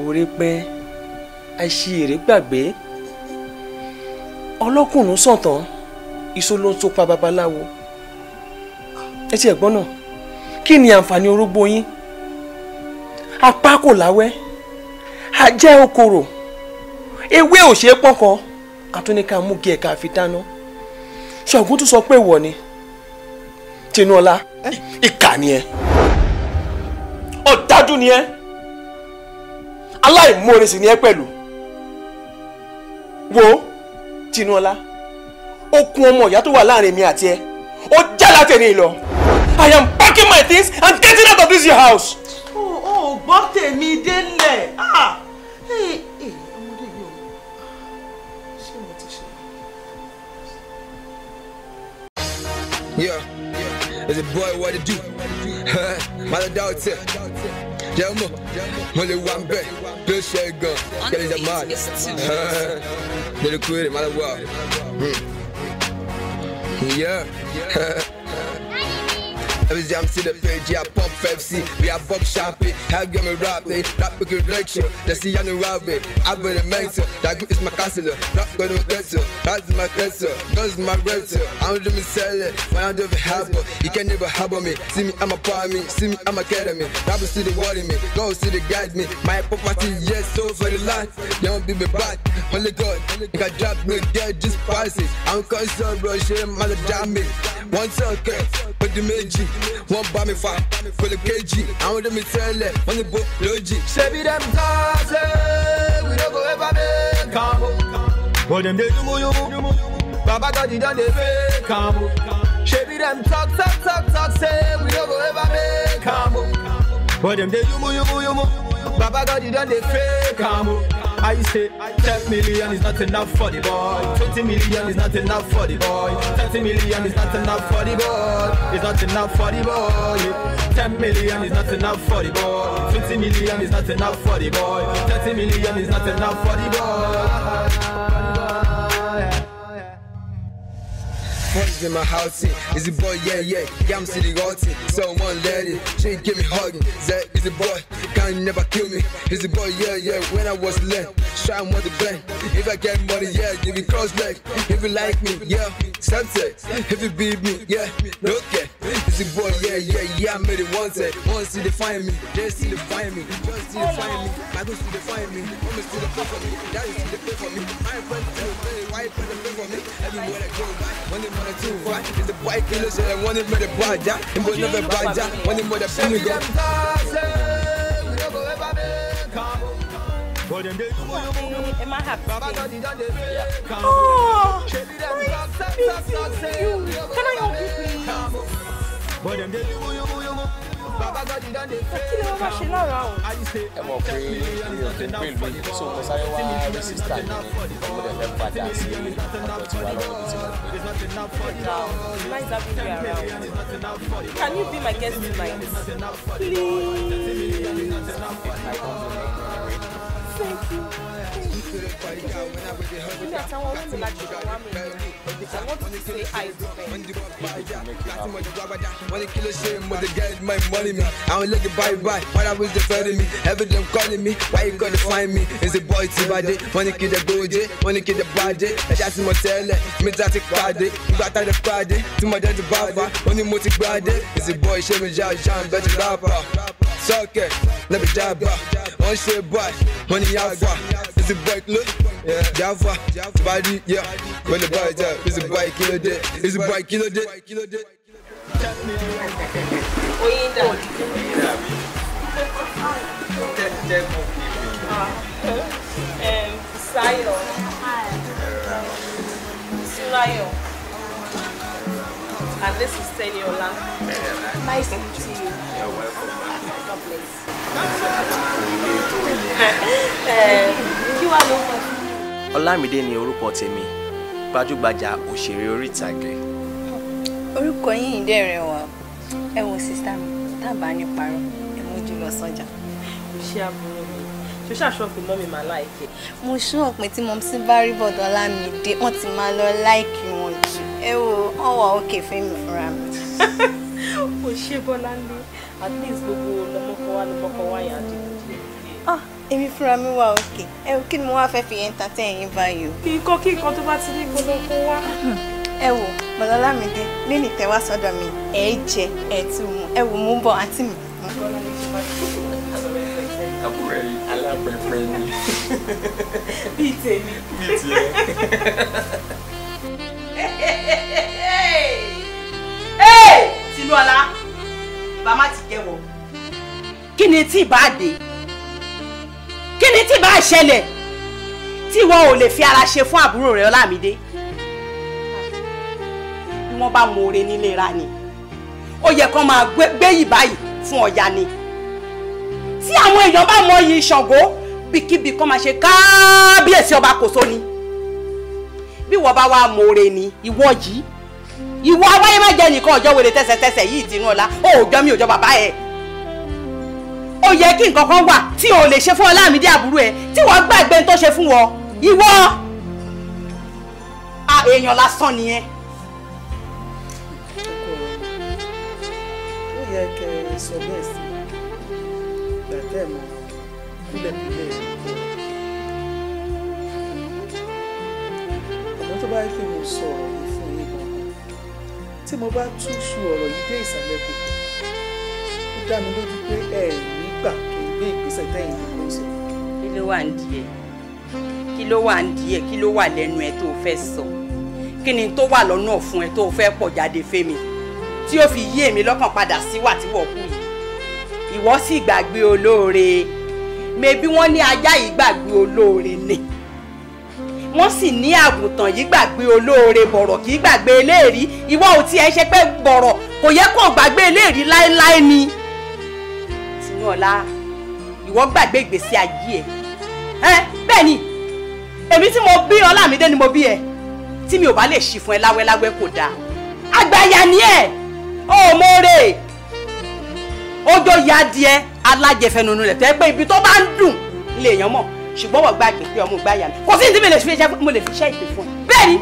òré pẹ́ àṣìírí gbàgbé ọlọ́kùnrin sọ̀tàn iṣó ló ń tó pa babaláwo ẹ ti ẹ̀gbọ́n náà kí ni àǹfààní orógbó yín apá kò láwẹ́ àjẹ́ okòrò ewé ò ṣeé pọ́n kan àtúnika mú gé ẹ̀ka fi dáná ṣọ̀gùn tún sọ pé ìwọ ni tinúọlá ìkà ni ẹ ọ̀dájú ni ẹ aláìmoore sì ni ẹ pẹ̀lú wo tinúọlá okun ọmọ ìyá tó wà láàrin mi àti ẹ ó já láti ẹni lọ I am packing my things and getting out of this your house. ó gbọ́ tèmi délẹ̀. Ah. Eh, eh, yeah, yeah, it's a boy what to do. My dog tip. Jelmo, mo lè wà mbẹ́, tó ṣe gan, kẹ́lẹ́ jẹ́ máa. Lórí kúrè, má lọ Yeah. Every time I see the page, yeah, pop Pepsi. We are buck sharpie, hell give me rap, eh? Rap with direction, That's the see you rabbit. Eh. I've been a mentor, that group is my castle. Eh. Rap going to get you, that's my castle. Guns my rental, eh. I'm doing me sell it. When I don't have it, you can never harbor me. See me, I'm a part me, see me, I'm a academy. Rap see the word me, go see the guide me. My property, yes, so for the land. They won't be me back, only God. If I drop me, get just passes. I'm concerned, bro, shit, my damage. One circuit, but the magic wọ́n bá mi fa pẹ̀lú kejì àwọn ọdẹ mi tẹ́lẹ̀ wọ́n ní bo lójì. ṣebí dem ta ṣe we don't go ever make am o but dem dey yumunyumu baba gadi don dey make am o ṣebí dem talk talk talk talk say we don't go ever make am o but dem dey yumuyumuyumu baba gadi don dey fake am o. I say 10 million is not enough for the boy 20 million is not enough for the boy 30 million is not enough for the boy It's not enough for the boy 10 million is not enough for the boy 20 million is not enough for the boy 30 million is not enough for the boy punch in my house. Eh? Is it boy? Yeah, yeah. Yeah, I'm sitting rotten. Eh? Someone let it. Eh? She give me hugging. Zach is a boy. Can never kill me. Is it boy? Yeah, yeah. When I was late, shine with the bank. If I get money, yeah, give me cross leg. If you like me, yeah, sunset. If you beat me, yeah, no care. Is it boy? Yeah, yeah, yeah. I made it once. Once you define me, they see define me. Just see define me. I go see define me. Mama the define for me. Daddy the define for me. I ain't friends to the why you put the for me? Everywhere I go, why? When they the boy killer say I want with a bad jack? Him but never jack. with go. Am I happy? Oh, nice Can I you, kí ni wọ́n ṣe lára o. ẹ mọ̀ pé mi ò tún pè lóyún so mo sáré wá rí sísítà mi ní ọmọdé fẹ́ padà sí ọ̀dọ̀ tí lọ́wọ́ tí mo gbé. Can you be my guest tonight? Please. Thank you. Thank you. I want to say I Wanna kill a shame, but they get my money me. I don't like it bye bye, but I was defending me. Every them calling me, why you gonna find me? It's a boy T-Body, Money to kill the goje, money to kill the body. I just tell it, me that a party. You got out of party, to my dad's baba, only multi body. It's a boy, shame, jam, jam, better baba. Suck it, let me jab, on shit boy, money agua. Is it boy, look. Java, body, yeah. When the boy jump, it's a boy killer day. It's a boy killer day. Sayo. Sulayo. And this is Seniola. Nice to meet you. You're welcome. God bless. you are no Ọlámídé ni orúkọ tèmi gbajúgbajà òṣèré orí ìtàgé. orúkọ yìí dẹ̀rẹ̀ wá ẹ wo sísá mi tábà ní parọ́ ẹ mójú lọ sọ́jà. ṣé àbúrò mi ṣó ṣàṣọ pé mọ́mí máa láìkè. mo ṣọ́ pé tí mọ́mí bá rí bọ̀dọ̀ Ọlámídé wọ́n ti máa lọ láìkì wọn jù ẹ wo ọwọ́ òkè fún mi fúnra mi. o ṣe bọ́lá ń at least gbogbo lọmọkọ wa lọmọkọ wa yẹn á dìbò èmi fúnra mi wà òkè ẹ kí ni mo wá fẹ́ fi entertain yín báyìí o. kí n kọ́ kí nǹkan tó bá ti ní gbogbo kó wá. ẹ wò mọ̀lọ́lá mi dé lẹ́ni tẹ́ sọ́dọ̀ mi ẹ jẹ ẹ tún mu ẹ wò mo ń bọ̀ àǹtí mi. àbúrò yìí alápẹ̀pẹ̀ ni. bíi tèmi. bíi tiẹ̀. Tinúọlá ìbá má ti jẹ́wọ́. kí ni tí ìbá dé? kí ni tí bá ṣẹlẹ̀ tí ìwọ ò lè fi ara ṣe fún àbúrò rẹ Ọlámídé bí wọ́n bá mọ̀ọ́rẹ́ nílé ra ni ó yẹ kó máa gbé yìí báyìí fún Ọya ni tí àwọn èèyàn bá mọ iyì Ṣàngó bíkíbi kó máa ṣe káábíyèsí ọba kòso ni bí wọ́n bá wá mọ̀ọ́rẹ́ ni ìwọ yìí ìwọ abáyé má jẹ́ nìkan ọjọ́ wèrè tẹ́sẹ̀tẹ́sẹ̀ yìí tìǹú ọ̀la ó jọ mi ò jọ bàbá ẹ̀ ó yẹ kí nǹkan kan wà tí o lè ṣe fún Ọlámídé àbúrò ẹ tí wọ́n gbàgbé tó ṣe fún wọn ìwọ a èèyàn lásán nìyẹn. ó yẹ kẹ́ ẹ sọ bẹ́ẹ̀ sí gbàtẹ́ mọ́ kúlẹ̀kúlẹ̀ ìkọ́ àmọ́ tó bá yẹ kí mo sọ̀rọ̀ yìí fún yín gan-an tí mo bá túṣu ọ̀rọ̀ yìí dé ìsàlẹ̀ kò ó dá mi lójú pé ẹ̀ẹ́dì gbà kí n gbé ìgbésẹ̀ tẹ́yìn tó lọ sọ. kí ló wà ń di ẹ kí ló wà ń di ẹ kí ló wà lẹ́nu ẹ tó o fẹ́ sọ kí ni tó wà lọ́nà fún ẹ tó o fẹ́ pọ̀ jáde fẹ́mi tí ó fi yí èmi lọ́kàn padà sí wà tí wọ́n kú yìí ìwọ sì gbàgbé olóore mebí wọ́n ní ajá yìí gbàgbé olóore ni wọ́n sì ní àgùntàn yìí gbàgbé olóore bọ̀rọ̀ kì í gbàgbé eléèrí ìwọ ò tiẹ̀ ṣe pé bọ̀rọ̀ kò yẹ kó gbàgbé eléèrí láéláé ni ọ̀la ìwọ gbàgbé ìgbésí ayé ẹ ẹ bẹ́ẹ̀ ni èmi tí mo bí Ọlámídé ni mo bí ẹ tí mi ò bá lè ṣì fún ẹ láwẹ́láwẹ́ kò dáa àgbàyà ni ẹ òmòore ọjọ́ ya adìẹ alájẹfẹnunu rẹ tẹ́ pé ibi tó bá ń dùn lè yàn mọ̀ ṣùgbọ́n wọ́n gbàgbé pé ọmọ ìgbà yà mí kò sí ní tí mi lè fi ṣe ìpè fún ẹ bẹ́ẹ̀ ni.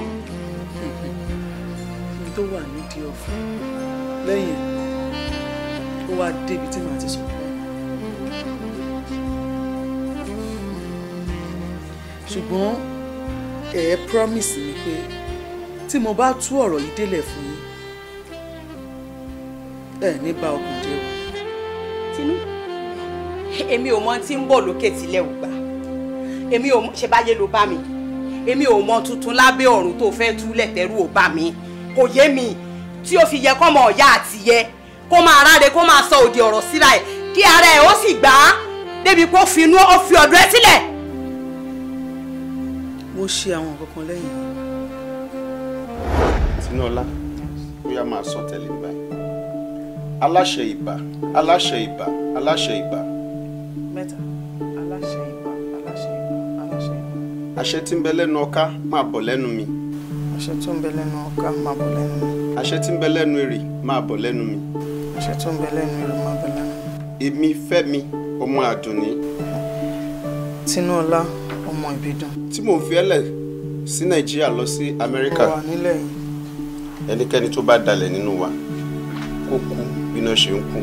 lẹ́yìn ó wá débi tí ṣùgbọ́n ẹ ẹ promise mi pé tí mo bá tú ọ̀rọ̀ yìí délẹ̀ fún yín ẹ ní bá ọkàn jẹ́ o. tinú èmi ò mọ tí ń bọ̀ lókè tilẹ̀ ò gbà èmi ò ṣe báyé ló bá mi èmi ò mọ tuntun lábẹ́ ọ̀run tó fẹ́ túlẹ̀ tẹ́rù ò bá mi kò yé mi tí ó fi yẹ kọ́mọ ọ̀yá àti yẹ kó máa ráre kó máa sọ òdì ọ̀rọ̀ síra ẹ̀ kí ara ẹ̀ ó sì gbà á débi kó finú ó fi ọ̀dọ̀ ẹ sílẹ̀ mo ṣe àwọn nǹkan kan lẹ́yìn. tinúọlá bóyá máa sọ tẹ̀lé ń báyìí aláṣẹ ìbà aláṣẹ ìbà aláṣẹ ìbà. mẹ́ta aláṣẹ ìbà aláṣẹ ìbà aláṣẹ ìbà. àṣẹ tí ń bẹ lẹ́nu ọká máa bọ̀ lẹ́nu mi. àṣẹ tó ń bẹ lẹ́nu ọká máa bọ̀ lẹ́nu mi. àṣẹ tí ń bẹ lẹ́nu èrè máa bọ̀ lẹ́nu mi. àṣẹ tó ń bẹ lẹ́nu èrè máa bọ̀ lẹ́nu mi. èmi fẹ́mi ọmọ àdùnní. tinúọlá ọmọ ìbídàn. tí mò ń fi ẹlẹ sí nàìjíríà lọ sí amẹ́ríkà ẹnikẹ́ni tó bá dalẹ̀ nínú wa kó kú bí iná ṣe ń kú.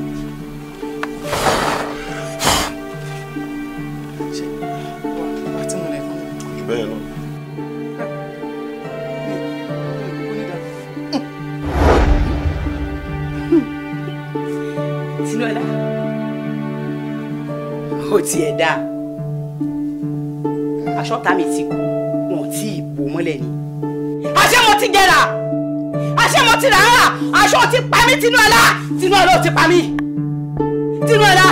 bẹ́ẹ̀ lọ. Tinúọlá, ó tiẹ̀ dáa aṣọ́ta mi ti kú wọn tí ì bò mọ́lẹ̀ ni. àṣé mo ti jẹrà àṣé mo ti ràárà aṣọ ti pa mí tinú ọlá tinú ọlá ò ti pa mí tinú ọlá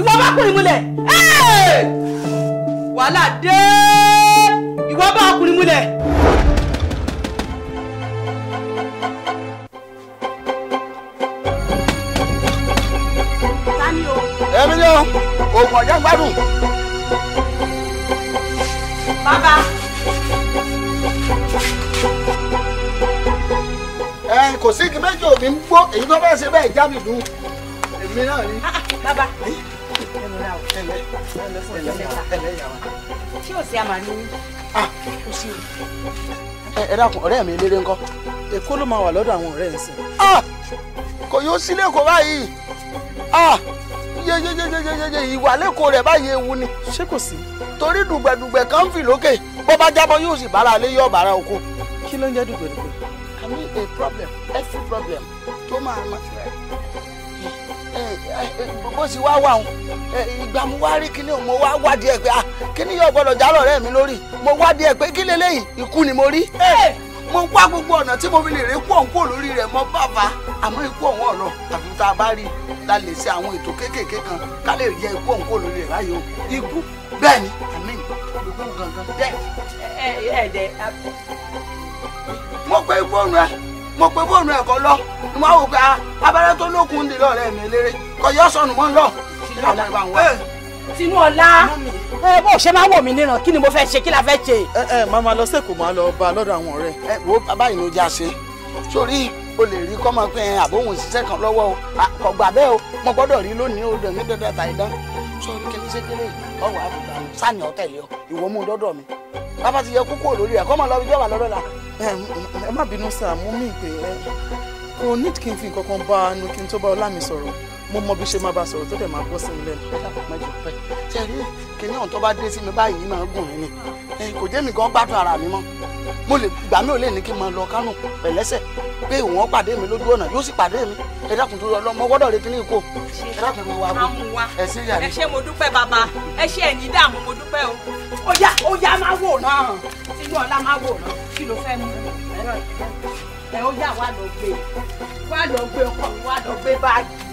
ìwọ bá kùnrin múlẹ̀ wàhálà dé ìwọ bá kùnrin múlẹ̀. èmi ni o oògùn ọ̀já gbádùn bàbá. ẹ kò sí kí méjì òbí ń gbó èyí tó bá ṣe bẹ́ẹ̀ já mi dùn èmi náà ni. Ah, ah, bàbá ṣé o ṣe àmàlú. ẹ dákun ọ̀rẹ́ mi eléré ńkọ́. èkó ló máa wà lọ́dọ̀ àwọn ọ̀rẹ́ ẹ̀ ah, kò yóò sílé kó báyìí ah! yeyeyeyeyeye ìwà lẹ́kọ̀ọ́ rẹ̀ báyìí ewu ni. ṣé kò sí torí dùgbẹ̀dùgbẹ̀ kan ń fì lókè bó bá jábọ́ yóò sì bára alé yóò bára oko. kí ló ń jẹ́ dùgbẹ̀dùgbẹ̀. i mean a problem every problem tó máa ma ti rẹ̀ bó sì wá wà ń ìgbà mo wá rí kíní o mo wá wádìí ẹ pé ah kíní yóò gbọ́dọ̀ jálọ rẹ mi lórí mo wádìí ẹ pé kí leléyìí ikú ni mo rí mo wá gbogbo ọ̀nà tí mo fi lè rí kú ọ̀hún kúrò lórí rẹ̀ mọ́ bàbá àmọ́ ikú ọ̀hún ọ̀nà àfi tá a bá rí la lè ṣe àwọn ètò kéékèèké kan ká lè yẹ ikú ọ̀hún kúrò lórí rẹ̀ láyé o ikú bẹ́ẹ̀ ni gbọ́n gangan. dẹ ẹ ẹ dẹ. mo pe fóònù ẹ mo pe fóònù ẹ kọ lọ ni mo wò pé ah, abẹ́rẹ́ tó lókun ń dè lọ́rẹ́ mi eléré kò yọ sọnù mọ́ lọ. Tinúọlá ẹ bó ṣe máa wò mí níran kí ni mo fẹ́ ṣe kí la fẹ́ ṣe. ẹ ẹ máa ma lọ sẹ́kọ̀ọ́ máa lọ bá a lọ́dọ̀ àwọn ọ̀rẹ́. ẹ wo báyìí ló já ṣe sórí o lè rí kọ́mọ pé àbóhùn ṣiṣẹ́ kan lọ́wọ́ o kò gbà bẹ́ẹ̀ o mo gbọ́dọ̀ rí lónìí o dẹ̀ mí dẹ́dẹ́ tàyí dán sórí kẹ́kẹ́ ṣe kéré ọ̀wọ́ àbùdá sani ọ̀tẹ̀lẹ̀ ọ ìwọ mú dọ́dọ̀ mi bàbá ti yẹ kókó lórí ẹ̀ kọ́ máa lọ ibi ọ̀bà lọ́dọ̀ la. ẹ má bínú sir mo mí ìpè ẹ o need kí n fi nǹkan kan bá a nu kí n tó bá ọlá mi sọ̀rọ̀ mo mọ bí ṣe máa bá sọ̀rọ̀ tó dẹ̀ máa bọ́ sí mi lẹ́nu ẹ dàpọ̀ pẹ́ ṣe rí kinní ọ̀hún tó bá dé sí mi báyìí máa gùn mí ni kò jẹ́ mi gan gbádùn ara mi mọ́ mo lè gbà mí ò lè ní kí n máa lọ Kánò pẹ̀lẹ́sẹ̀ pé òun pàdé mi lójú ọ̀nà yóò sì pàdé mi ẹ dákun tó lọ mọ gbọ́dọ̀ rí kinní ikú ẹ dákun mo wá bó ẹ sí ìyá ẹ ṣé mo dúpẹ́ bàbá ẹ ṣé ẹ̀yìn dààmú mo dúpẹ́ o. ó yá ó yá máa wò náà inú ọ̀la máa wò náà kí ló fẹ́ mú ẹ ó yá wà lọ gbé wà lọ gbé ọkọ mi wà lọ gbé báàgì.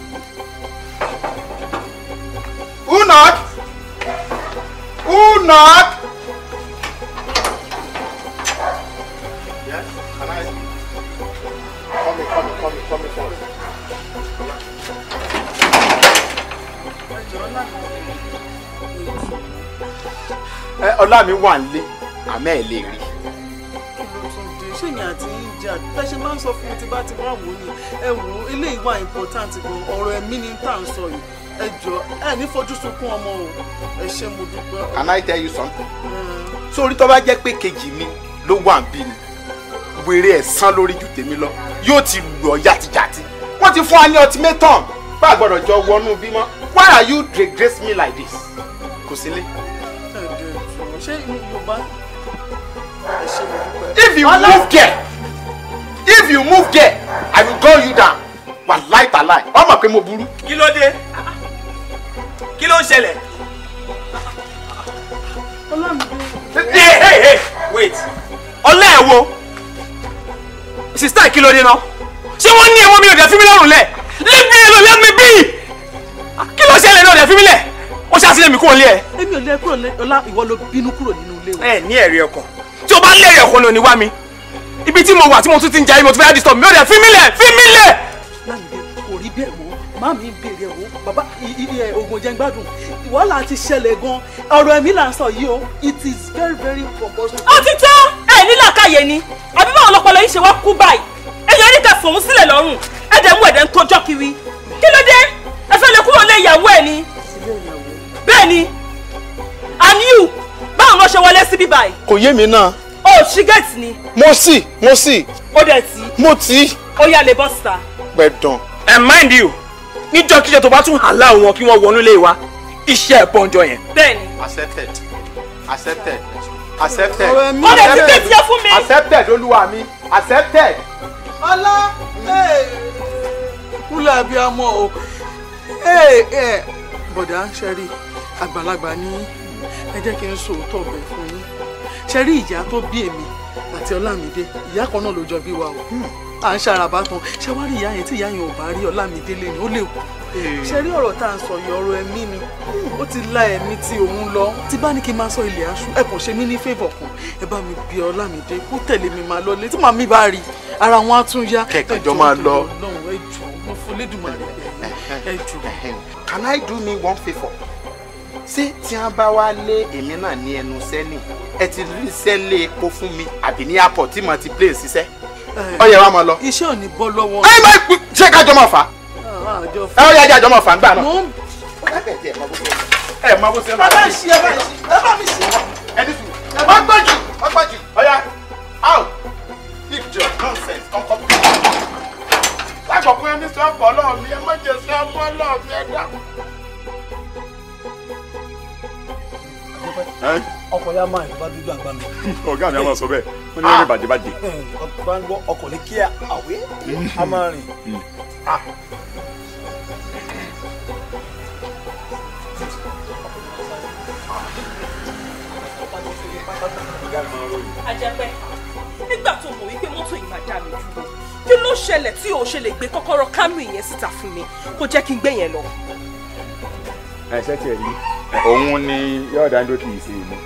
Who knock? Who knock? Yes, can I? Come in, come in, come in, come in, come in. Ọlá mi wà nílé, àmẹ́ ẹ̀ lè rí. Kí ló tún dé? Ṣé ìyẹn àti nàìjíríà bẹ́ẹ̀ ṣe máa ń sọ fún mi tí bá ti wá wò ó ni ẹ wò ó eléyìí wà important gan ọ̀rọ̀ ẹ̀mí ni tá à ń sọ yìí ẹ jọ ẹ ní fojú sunkún ọmọ o ẹ ṣe mo dúpẹ́. Can I tell you something? Hmm. sórí tó bá jẹ́ pé kejì mi ló wà ń bí ni wèrè ẹ̀ sán lórí ju tèmi lọ yóò ti lù ọ́ jàtijàti wọ́n ti fún wa ní ultimatum bá a gbọ́dọ̀ jọ wọnú bímọ why are you disgrace me like this kò sílé. ṣé yorùbá ẹ ṣe mo dúpẹ́. if you move there if you move there i will gun you down wà láìtàláì wọ́n mọ̀ pé mo burú. kí ló dé kí ló ń ṣẹlẹ̀. hey hey hey wait ọlá ẹ̀ wo sista kí ló dé náà ṣé wọ́n ní ẹ̀wọ̀n mi ò dẹ̀ fi mí lọ́rùn lẹ̀ leave me alone let me be kí ló ṣẹlẹ̀ náà dẹ̀ fi mí lẹ̀ ó ṣàtìlẹ́yìn mi kúrò nílé ẹ̀. èmi ò lè kúrò ní ọlá ìwọ ló bínú kúrò nínú ilé wa. ẹ ní ẹ̀rí ọkàn tí o bá lé ẹ̀rí ọkàn lónìí wá mi ibi tí mo wà tí mo tún ti ń jayé mo tún fẹ́ disturb mi ó dẹ̀ fi mí lẹ̀ fi mí lẹ̀. láǹdẹ kò rí bẹ́ẹ̀ wò má mi ń béèrè o bàbá oògùn jẹ́ngbádùn wàhálà ti ṣẹlẹ̀ gan ọ̀rọ̀ ẹ̀mí là ń sọ yìí o it is very very important. ó ti tán ẹ ní làákàyè ni àbí báwọn ọlọpàá lóyún ṣe wá kú báyìí ẹyọ ní fòun sílẹ̀ lọ́rùn ẹ mú ẹ̀dẹ̀ ń tọjọ́ kiri kí ló dé ẹ fẹ́ lè kúrò lé ìyàwó ẹ ni bẹ́ẹ̀ ni and you báwọn ọmọ ṣe wọlé síbí báyìí. kò yé mi náà o ṣí gẹ̀ẹ́tì ni. mo ṣì mo ṣì. ó dẹ̀ tí. mo tí. ó yá lè bọ́ síta. gbẹ̀dàn. ẹ mind you níjọ́kíjọ́ tó bá tún hàlá wọn kí wọ́n wọnú ilé wa iṣẹ́ ẹ̀bọ̀njọ yẹn. bẹ́ẹ̀ni. accepted accepted accepted. ó lè ti tètè fún mi. accepted olúwa mi accepted. ọlá kúlẹ̀ abiyamọ o bọ̀dá ṣẹ́rí àgbàlagbà ní ẹ jẹ́ kí n sòótọ́ ọ̀bẹ fún yín ṣe rí ìyá tó bí èmi àti ọlámídé ìyá kan náà ló jọ bí wa o hmm. à ń ṣàràbà tán ìyá yẹn tí ìyá yẹn ò bá rí ọlámídé lé ní ó lè kú ọ̀rọ̀ tá à ń sọ yìí ọ̀rọ̀ ẹ̀mí ni ó ti la ẹ̀mí tí òun lọ tí bá ní kí n máa sọ ilé aṣọ ẹ kàn ṣe mí ní fèvọ̀ kan ẹ bá mi bí ọlámídé kó tẹ̀lé mi máa lọ lé tí màmí bá rí ara wọn á tún yá kẹkẹjọ máa lọ ẹ mo fún lédùmarè ẹ Can I do me one favour? ṣé tí wọ́n bá wá lé èmi náà ní ẹnu sẹ́ni ẹ ti rí iṣẹ́ lé epo fún mi àbí ní airport tí mo ti plane ṣiṣẹ́ ọyẹ wa mọ lọ. iṣẹ́ ò ní bọ́ lọ́wọ́. ẹ máa pè ṣé kájọ mọ̀ fà á. ẹ ó yẹ ajá jọ mọ̀ fà á gbà náà. mo ń bẹ̀rẹ̀ tí ẹ mọ bó ṣe ẹ mọ bó ṣe. bàbá mi ṣe ẹ bá mi ṣe. ẹ ní sùn. ẹ bá gbọ́jú. bá gbọ́jú. ọ̀ya out picture nonsense ọkọ̀ picture. lákòókò ẹni sọ́ọ̀bù ọlọ́ọ̀ ẹ má jẹ sọ́ọ̀bù ọlọ́ọ̀ mi ẹ dákun. ọkọ̀ yà máa ìbá dúdú àgbà mi. ọ̀gá mi a máa sọ bẹ́ẹ̀ wọ́n ní wọ́n ní bàjẹ́ bàjẹ́. bá ń gbọ́ ọkọ̀ ní kíá àwé a máa rìn. Mm-hmm. ajẹpẹ nígbà tó mọ̀ wípé mọ́tò yìí dá mi dúró kí ló ṣẹlẹ̀ tí o ṣe lè gbé kọ́kọ́rọ́ kánú ìyẹn síta fún mi kó jẹ́ kí n gbé yẹn lọ. àìsẹ́ tiẹ̀ ní òun ni yóò dá dúró tì í ṣe mi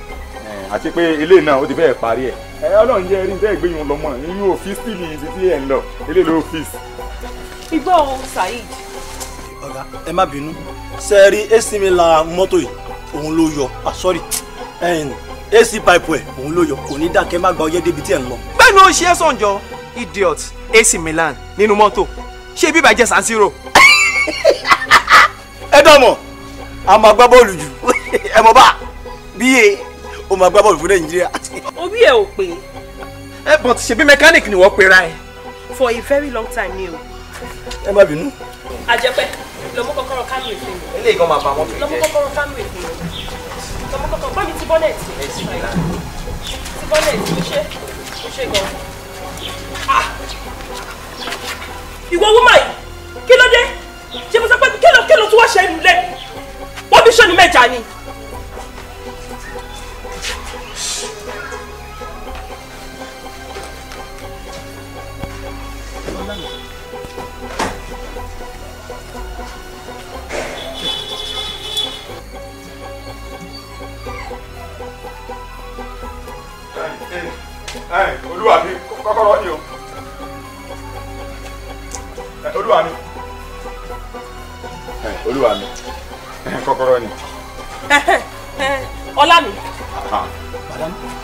àti pé ilé náà ó ti bẹ́ẹ̀ parí ẹ̀ ẹ ọlọ́run jẹ́ rí bẹ́ẹ̀ gbé yín lọ mọ́ inú òfíìsì tì ní títí ẹ̀ ń lọ ilé ló ọ́fíìsì. igbó ohun saheed. ọ̀gá ẹ má bínú ṣe rí ac mi la mọ́tò yìí òun ló yọ ah sorry ac pipe ẹ̀ òun ló yọ kò ní dákẹ́ má gba ọyẹ́ débi tí ẹ̀ ń lọ. bẹ́ẹ̀ ni ó ṣe é sànjọ idiot ac Milan nínú mọ́tò ṣé bíbá jẹ́ San Siro. ẹ dọ̀ mọ̀ a máa gbá bọ́ọ̀lù jù ẹ mọ̀ bá bíye o máa gbá bọ́ọ̀lù fún nàìjíríà. orí ẹ ò pé. ẹ bọ̀ ti ṣe bí mẹkáníìkì ni wọ́n pera ẹ. for a very long time ni o. ẹ má bínú. àjẹpẹ lọmọ kọ́kọ́rọ́ kánú ìfẹ́ eléyìí kan máa bá wọn fi jẹ. lọmọ kọ́kọ́rọ́ kánú ìfẹ́ lọmọ kọ́kọ́rọ́ bá ti bọ́nẹ̀tì. ti bọ́nẹ̀tì ó ṣe ó ṣe gan. Ah! ìwọ wúmọ̀ kí ló dé ṣé mo sọ pé kí ló kí ló tún wá ṣe wọ́n bí sọ́ni mẹ́ta ni. olúwa mi kọ́kọ́rọ́ ni o olúwa mi olúwa mi kọ́kọ́rọ́ ni. ọlá mi.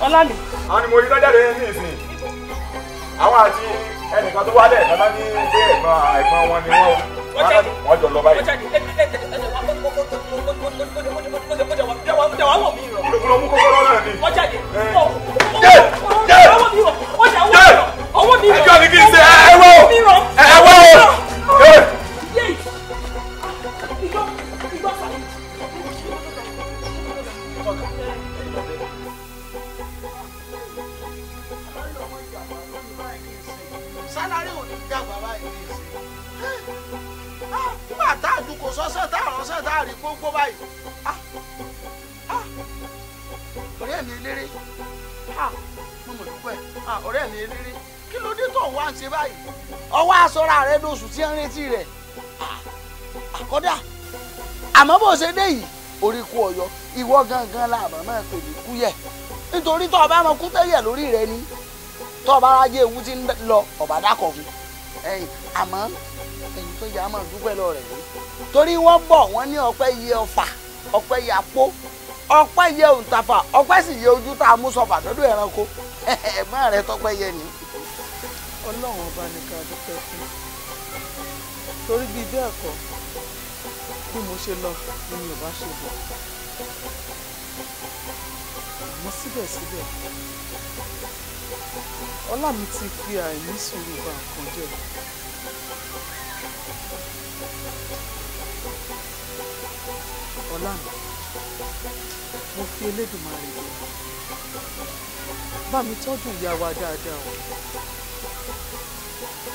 ọlá mi. àwọn ni mo rí lọ́jà rẹ ní ìsìn àwọn àti ẹnìkan tó wálẹ̀ lọ́la ní ilé ẹ̀gbọ́n àìgbọ́n wọn ni wọ́n wọ́n jọ lọ báyìí. olùkúlọ̀ mú kọ́kọ́rọ́ náà ni. ọjà yìí. jẹ́ jẹ́ jẹ́ ọwọ́ mi rọ̀ ọwọ́ mi rọ̀ ẹjọ́ ni kí n ṣe ẹ wọ́ ẹ wọ́. táàrí gbogbo báyìí ah, ah. ọ̀rẹ́ mi eléré ah, mo mọ̀ dúpẹ́ ọ̀rẹ́ mi kí ló dé tó wá ń ṣe báyìí ọwọ́ aṣọra rẹ lóṣù tí ń retí rẹ̀ àkọ́dà àmọ́ bó ṣe dé yìí orí kú ọyọ ìwọ gangan la àmọ́ máa pè nítorí tó o bá mọ lórí rẹ ewu ti ń lọ ẹ̀yìn àmọ́ ẹ̀yìn tó yà á mọ̀ dúpẹ́ torí wọ́n bọ̀ wọ́n ní ọpẹ́ yẹ ọfà ọpẹ́ yẹ apó ọpẹ́ yẹ òǹtafà ọpẹ́ sì yẹ ojú tá a mú sọfà lọ́dọ̀ ẹranko ẹ̀gbọ́n rẹ tọpẹ́ yẹ ni. ọlọ́run ọba nìkan dúpẹ́ fún torí bíi bẹ́ẹ̀ kọ́ bí mo ṣe lọ ni mi ò bá ṣe bọ̀ àmọ́ síbẹ̀síbẹ̀ ọlá mi ti fi àìní sùúrù bà nǹkan jẹ́ ọlànà mo fi Elédùmarè rẹ bá mi tọ́jú ìyá wa dáadáa o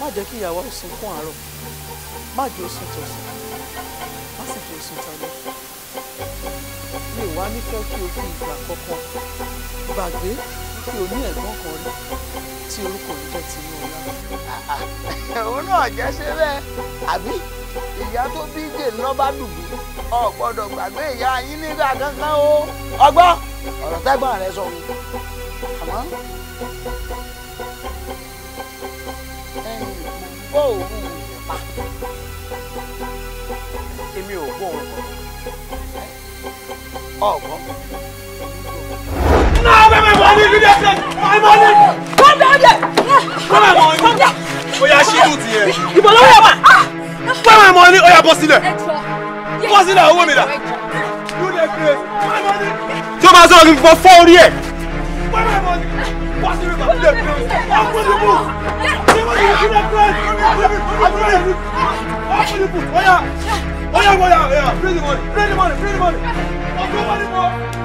má jẹ́ kí ìyá wa ó sunkún àárọ̀ má jẹ́ ó sùn tọ̀sán má sì jẹ́ ó sùn talẹ́ mi ò wá nífẹ̀ẹ́ kí o fi ìgbà kankan gbàgbé mi ò ní ẹ̀gbọ́n kan rí tí orúkọ rẹ̀ jẹ́ Tinúọlá. òun náà jẹ́ ṣe bẹ́ẹ̀ àbí ìyá tó bí jè ńlọ bá dùbí ọ gbàgbé ìyá yín nígbà kankan o ọgbọ́n ọ̀rọ̀ tẹ́gbọ́n rẹ sọ mi àmọ́ ẹ̀yìn bó òun ìyẹ̀pá èmi ò gbọ́ òun kọ́ ọ̀gbọ́n. náà bẹ́ẹ̀ bẹ́ẹ̀ wọlé immediately my money. come down there. where my money. come down. oya ṣírù tiẹ̀. ìbọn lọ́wọ́ yà wá. where my money oya bọ́ sílẹ̀. bọ́ sílẹ̀ owó mi dà. you dey craze my money. tó máa sọ̀rọ̀ kí n fọ fọ́ orí ẹ̀. where my money. bọ́ sílẹ̀ bá sílẹ̀ craze. I'm going to move. you dey craze. I'm going to move. I'm going to move. oya oya oya oya free the money free the money free the money. ọ̀gbọ́n wọlé náà.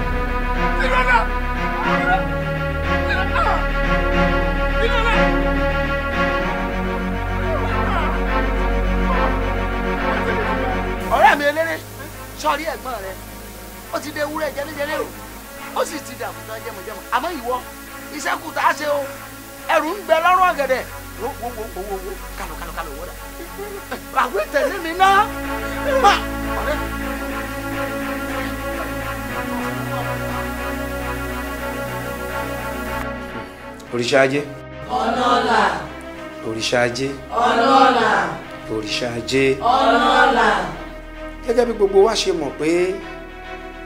mi eléré sọrí ẹ̀gbọ́n rẹ ó ti dé ewúrẹ́ jẹlẹjẹlẹ o ó sì ti dààmú tán jẹmọjẹmọ àmọ́ ìwọ iṣẹ́ kù tá a ṣe o ẹrù ń bẹ lọ́rùn ọ̀gẹ̀dẹ̀ wo wo wo wo wo wo kálọ kálọ kálọ wọdà àwọn tẹ̀lé mi náà má ọ̀rẹ́ mi. ajé. ọ̀nà ọ̀la. ajé. ọ̀nà ọ̀la. ajé. ọ̀nà gẹ́gẹ́ bí gbogbo wa ṣe mọ̀ pé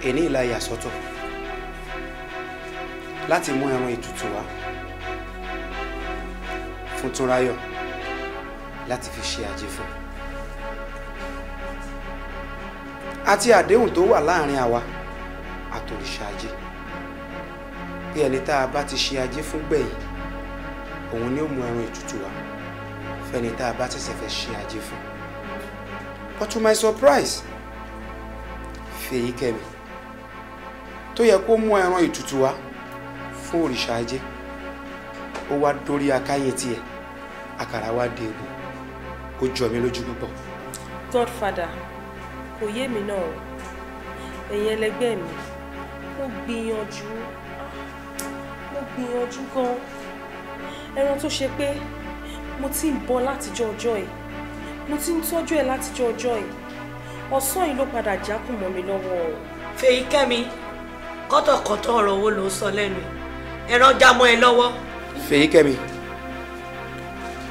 èní ìlà ìyàsọ́tọ̀ láti mú ẹran ètùtù wá fún Túnráyọ̀ láti fi ṣe àjẹ fún àti àdéhùn tó wà láàrin àwa àtòrìṣà ajé pé ẹni tá a bá ti ṣe ajé fún gbẹ̀yìn òun ni ó mú ẹran ètùtù wá fẹ́ni tá a bá ṣẹ̀ṣẹ̀ fẹ́ ṣe ajé fún but to my surprise Fèyíkẹ́mi tó yẹ kó mú ẹran ètùtù wá fún òrìṣà ajé ó wá dórí akáyé tiẹ̀ àkàrà wá dé egbò ó jọ mí lójú púpọ̀. godfather kò yé mi náà ẹ̀yin ẹlẹgbẹ́ mi mo gbìyànjú ah, mo gbìyànjú gan-an ẹran tó ṣe pé mo ti ń bọ̀ látijọ́ ọjọ́ yìí mo ti ń tọ́jú ẹ látijọ́ ọjọ́ yìí ọ̀sán yìí ló padà jákùn mọ́ mi lọ́wọ́ o. fèyí kẹ́mi kọ́tọ̀kọ́tọ̀ ọ̀rọ̀ owó ló sọ lẹ́nu ẹran já mọ́ ẹ lọ́wọ́. fèyí kẹ́mi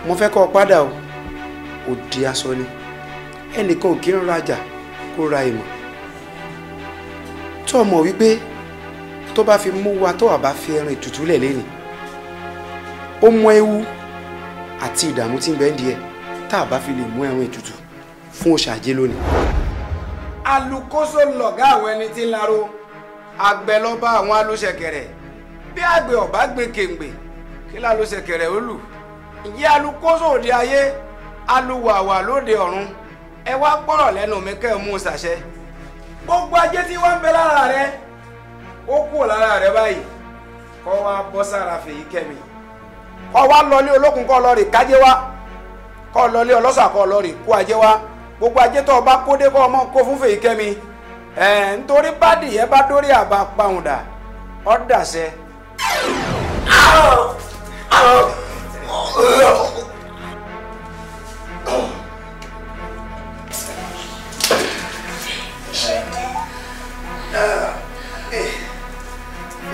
mo fẹ́ kọ́ ọ padà o òdi aṣọ ni ẹnìkan ò kí ń rajà kó ra ìmọ̀ tó mọ̀ wípé tó bá fi mú wa tó wà bá fi ẹran ìtùtù lẹ̀ lẹ́yìn ó mọ ewu àti ìdààmú tí ń bẹ ń tá a bá fi lè mú ẹran ètùtù fún òòṣà ajé lónìí. alukoso lọ̀gá àwọn ẹni tí ń laro àgbẹ̀ lọ́ba àwọn alóṣẹ̀kẹ̀rẹ̀ bí àgbẹ̀ ọ̀bá gbé kèǹgbè kí lálóṣẹ̀kẹ̀rẹ̀ ó lù ìyẹ́ alukoso òde ayé aluwàwà lóde ọ̀run ẹ wá gbọ́rọ̀ lẹ́nu mi kẹ́ ẹ mú un ṣàṣẹ gbogbo ajé tí wọ́n ń bẹ lára rẹ ó kúrò lára rẹ báyìí kọ́ wa bọ́ sára fèyí kẹ́mi kọ́ wa lọ ní olókùn kọ́ lọ rè kájé wa. kọ́ lọ lé ọlọ́sà kọ́ lọ rè kó ajé wá gbogbo ajé tó o bá kó dé kọ́ ọmọ kó fún fèyí kẹ́mi ẹ̀ nítorí bádì yẹn bá dórí àbá pàwùndà ọ́ dàsẹ́.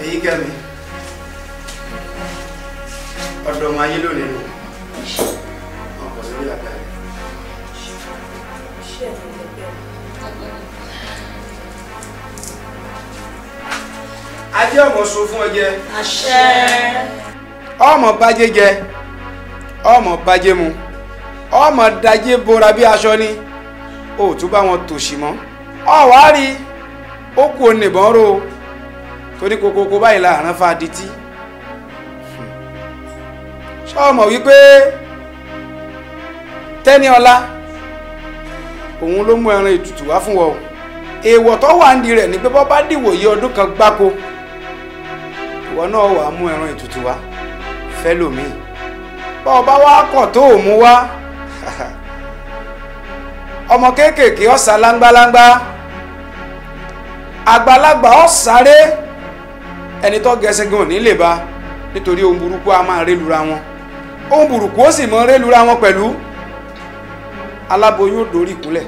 èyí kẹ́mi ọ̀dọ̀ ọmọ ayé lónìí nù. ajé ọmọ sọ fún ọ jẹ. àṣẹ. ọmọ bàjẹ́ jẹ ọmọ bàjẹ́ mu ọmọ dajé bora bí aṣọ ni ó tún bá wọn tòṣì mọ́ ọ wá rí ó kú oníbọn ro torí kokoko báyìí láàrín fa adití hmm. ṣọ́ọ̀mọ̀ wípé tẹ́niọlá òun ló mú ẹran ètùtù wá fún wọn èèwọ̀ tó wà ń di rẹ̀ ni pé bọ́ bá dìwòye ọdún kan gbáko ìwọ náà wà á mú ẹran ètùtù wá fẹ́ lòmíì bọ́ ọ bá wá kọ̀ tó ò mú wá ọmọ kéékèèké ọ̀sà láńgbáláńgbá àgbàlagbà ọ̀sáré ẹni tó gẹ̀ẹ́sẹ̀ gan ní lè ba nítorí ohun burúkú a máa rélura wọn ohun burúkú ó sì mọ rélura wọn pẹ̀lú aláboyún ò dórí ìkúnlẹ̀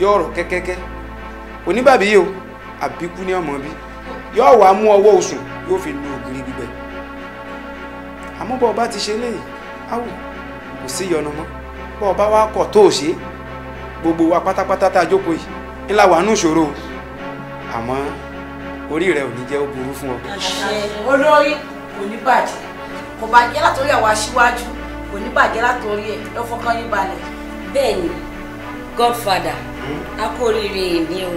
yóò rọ̀ kẹ́kẹ́kẹ́ oníbàbí yìí o àbíkú ní ọmọ bí yóò wá mú ọwọ́ oṣù yóò fi lu ògiri gbígbẹ àmọ́ bọ́ ọba ti ṣe léyìí áwò kò sí ìyọnu mọ́ bọ́ ọba wa kọ̀ tó ṣe gbogbo wa pátápátá tá a jókòó yìí ńlá wà nù ìṣòro àmọ́ orí rẹ ò ní jẹ́ ó burú fún ọ. olórí kò ní bàjẹ́ kò bàjẹ́ látòrí àwọn aṣíwájú kò ní bàjẹ́ látòrí ẹ̀ lọ́fọ́kàn yín balẹ̀ bẹ́ẹ̀ godfather hmm? akóríire mi ò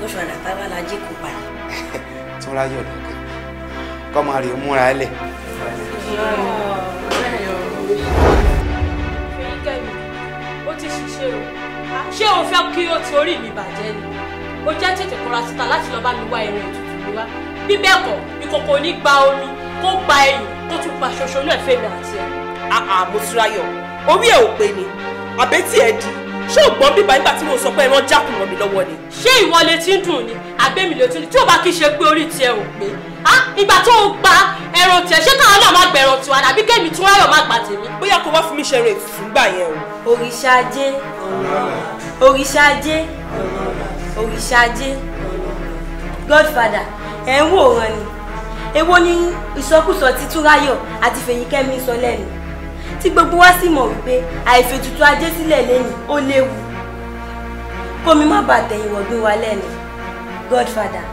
godfather tábàlájì kò pa. tí wọ́n ráyọ̀ lọ́kàn kọ́ máa rí múra ẹ̀ lẹ̀. fẹ́yìnkẹ́mi ó o ṣé o fẹ́ kí o torí mi bàjẹ́ ni o jẹ́ tètè kóra síta láti lọ́ọ́ bá mi wá ẹ̀rọ ìtùtù mi wá bí bẹ́ẹ̀ kọ́ ìkòkò ní gba omi kó gba ẹyìn kó tún pa ṣoṣo náà fẹ́mi àti ẹ̀. àà mo túra yọ orí ẹ̀ ò pé ni àbẹ́tì ẹ̀ di ṣé ò gbọ́n bíbá nígbà tí mo sọ pé ẹran jákùn mọ́ mi lọ́wọ́ ni. ṣé ìwọ lè ti ń dùn ni àgbẹ̀mí lè ti ń tí ò bá kí ṣe pé orí tiẹ̀ ò pé ìgbà tó ń gba ẹran tiẹ̀ ṣé káwọn náà máa gbẹ̀rọ̀ tiwa àbí kẹ́mi tí wọ́n yọ̀ máa gbà tèmi. bóyá kó wá fún mi ṣeré ìfúngbà yẹn o. òrìṣà ajé òrìṣà ajé òrìṣà ajé godfather ẹ̀ ń wòran ni èwo ni ìsọkúsọ títúráyọ̀ àti fèyíkẹ́mi sọ lẹ́nu tí gbogbo wa sì mọ̀ wípé àìfètùtù ajé sílẹ̀ lẹ́yìn ó léwu kómi má bàa tẹ̀yìn wọ̀gbìn wa lẹ́nu godfather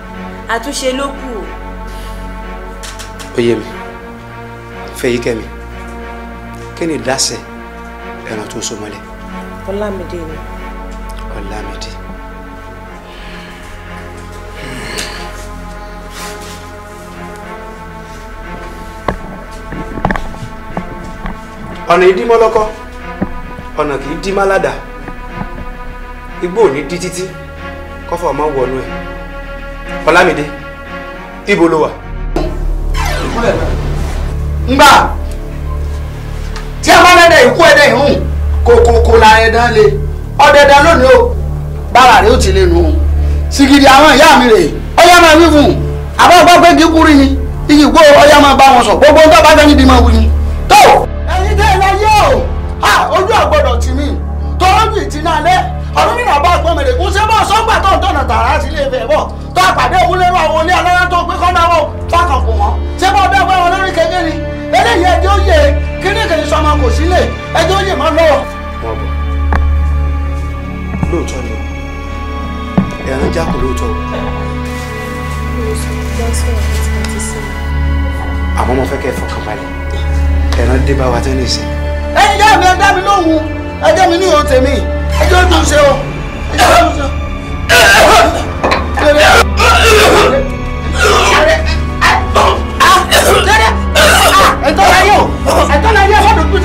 àtúnṣe ló kù o. ó yé mi Fẹ́yìkẹ́mi kí ni ìdásẹ̀ ẹran tó so mọ́lẹ̀. Ọlámídé ni. Ọlámídé. ọ̀nà ìdímọ́lọ́kọ́ ọ̀nà kì í dí málàdà igbó ò ní dí títí kọ́fọ̀ ọmọ wọnú ẹ̀ ọlámídé ibo ló wà. ngbà tí a bá lẹ́dẹ̀ ikú ẹ̀dẹ̀ ìhùn la ẹ̀dá le ọ̀dẹ̀dẹ̀ lónìí o bára rẹ̀ ó ti lè nù ú sìgìdì àwọn ìyá mi rèé ọyá máa wí fún un àbá ọgbà ni igi gbó ọyá máa bá wọn sọ gbogbo ń tọ́ bá fẹ́ ní bí dé láyé o ojú àgbọ̀dọ̀ tì mí tọ́jú ìtìná alẹ́ ọdún nínú àbá àgbọ̀n mèrè kún ṣé bọ́ sọ́gbà tó ń tọ̀nà tààrà sí ilé ìfẹ́ bọ̀ tó àpàdé òwúlérò àwọn olé alára tó gbé kọ́ńdà wọn fákàn kù wọ́n ṣé bọ́ bẹ́ẹ̀ bá wọn lórí kékeré ni eléyìí ẹjọ́ yẹ kíní kìí sọmọ kò sílé ẹjọ́ yẹ máa lọ́wọ́. lóòótọ́ ni ẹ̀rín jákò lóòótọ́ àmọ́ mo fẹ́ kẹ́ ẹ fọkàn balẹ̀ ẹ̀rọ dé bá wa tẹ́ ní ìsìn. ẹ jẹ́ mi ẹ dá mi lóhùn ẹ jẹ́ mi ní ìhò tèmi ẹ jẹ́ ojú ṣe o ẹ jẹ́ ojú ṣe o. ah, la yẹ o ẹ̀tọ́ la yẹ ọ̀dọ̀ tó ti.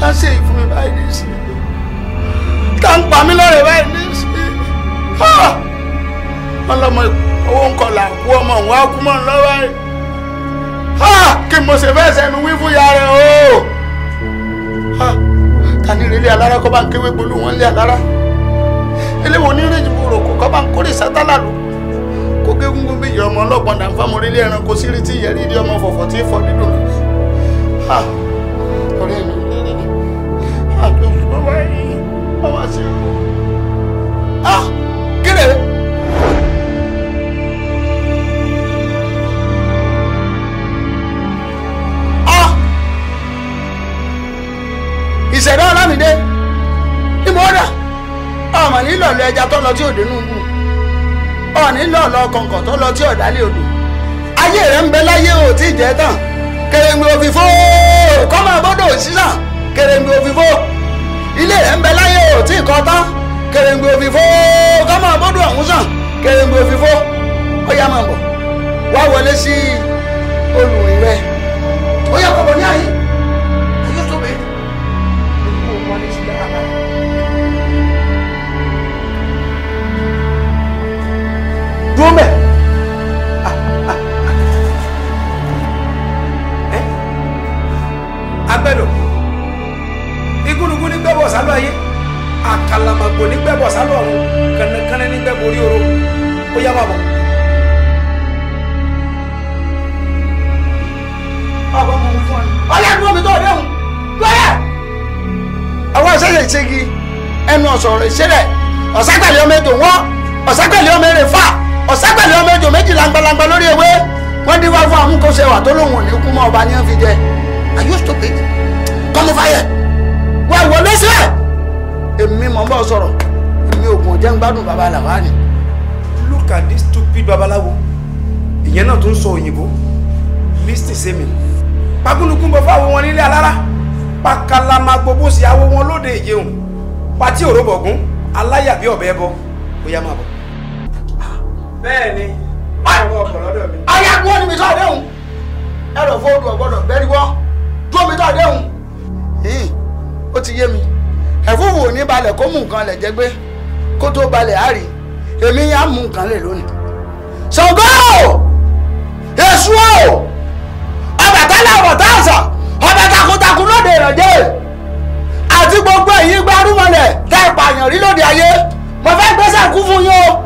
ta ṣe ìfún mi báyìí ní sí ta ń pa mí lọ́rẹ̀ báyìí ní sí wọn owó ń kọlà kú ọmọ òun á kú mọ́ ń lọ́wọ́ ha kí mo ṣe fẹ́ sẹ́nu wí fún ìyá o ha tani ilé alára bá ń kéwé gbolú wọn lé alára eléwo onírèjì wòrò kò kọ́ bá ń kórè sátálà lò kó gégúngún bí ìyá ọmọ ọlọ́gbọ̀n dàǹfàmù ẹranko sí tí ìyẹ́rì ìdí ọmọ fọ̀fọ̀ tí ì fọ́ dídùn ha. ìṣẹ̀dá ọlámídé ìmọ̀ọ́dà ọmọ nílò ọ̀lọ́ ẹja tó lọ tí òde nùgbù ọ̀ nílò ọ̀lọ́ kọ̀ǹkọ̀ tó lọ tí ọ̀dálẹ̀ odò ayé rẹ̀ ń bẹ láyé ò tí ì jẹ́ tán kèrèǹgbè òfìfó kọ́mọ bọ́dọ̀ òṣìṣà kèrèǹgbè òfìfó ilé rẹ̀ ń bẹ láyé ò tí ì kọ́ tán kèrèǹgbè òfìfó kọ́mọ bọ́dọ̀ ọ̀hún sàn kèrèǹgbè òfìfó ó yá máa wá wọlé sí olùrìn rẹ̀ ó yá kọ̀ọ̀bọ̀ ní àyè. dúró mẹ́. agbẹ́dọ̀ igúnnugún ní gbẹ́bọ̀ sálọ ayé àkàlàmàgbò ní gbẹ́bọ̀ sálọ ọ̀run kànnìkànnì ní gbẹ́bọ̀ orí oró ó yá bàbọ̀. ọlẹ́gbọ́n mi tó ọ̀rẹ́ òun lọ́yẹ̀. àwọn ìṣẹ̀lẹ̀ ìṣègi ẹnu ọ̀sọ̀rọ̀ ìṣẹ̀lẹ̀ ọ̀ságbàlẹ̀ ọmọ ètò wọn ọ̀ságbàlẹ̀ ọmọ èrè fà ọ̀ságbẹ̀lẹ̀ ọmọ ejò méjì langbalangba lórí ewé wọ́n dín wá fún amúkọ́sẹ̀ wà tó lóun ò ní kú mọ́ ọba ní wọ́n fi jẹ are you stupid come over here wọ́n wọ lẹ́sẹ̀ èmi mọ̀ ń bọ̀ sọ̀rọ̀ èmi ògùn ọ̀jẹ̀ ń gbádùn baba làwáàní. look at this stupid babaláwo ìyẹn náà tó ń sọ òyìnbó listen sí mi pagúnukú bọ fáwọn wọn nílé alára pakalama gbogbo sí awo wọn lóde ìjẹun pati òróbọ̀gún aláyàbí ọ̀bẹ bọ ó yá máa bọ̀ bẹ́ẹ̀ ni ọmọ ọkọ̀ lọ́dọ̀ mi. ayé àgbo ni mi tọ́ àdéhùn ẹ̀rọ fóònù ọ̀gbọ́dọ̀ bẹ́ẹ̀ni wọ́n dúró mi tọ́ àdéhùn. yìí ó ti yé mi ẹ̀fúùfù ò ní balẹ̀ kó mú nǹkan lẹ̀ jẹ́ gbé kó tó balẹ̀ á rí èmi yá mú nǹkan lẹ̀ lónìí. Ṣàngó Èṣù o Ọbàtálá ọ̀tá àṣà ọba takuntakun lóde ìrànjẹ́ àti gbogbo èyí gbárùmọ̀lẹ̀ tẹ́ ìpààyàn rí lóde ayé mo fẹ́ gbéṣẹ́ kú fún yín o.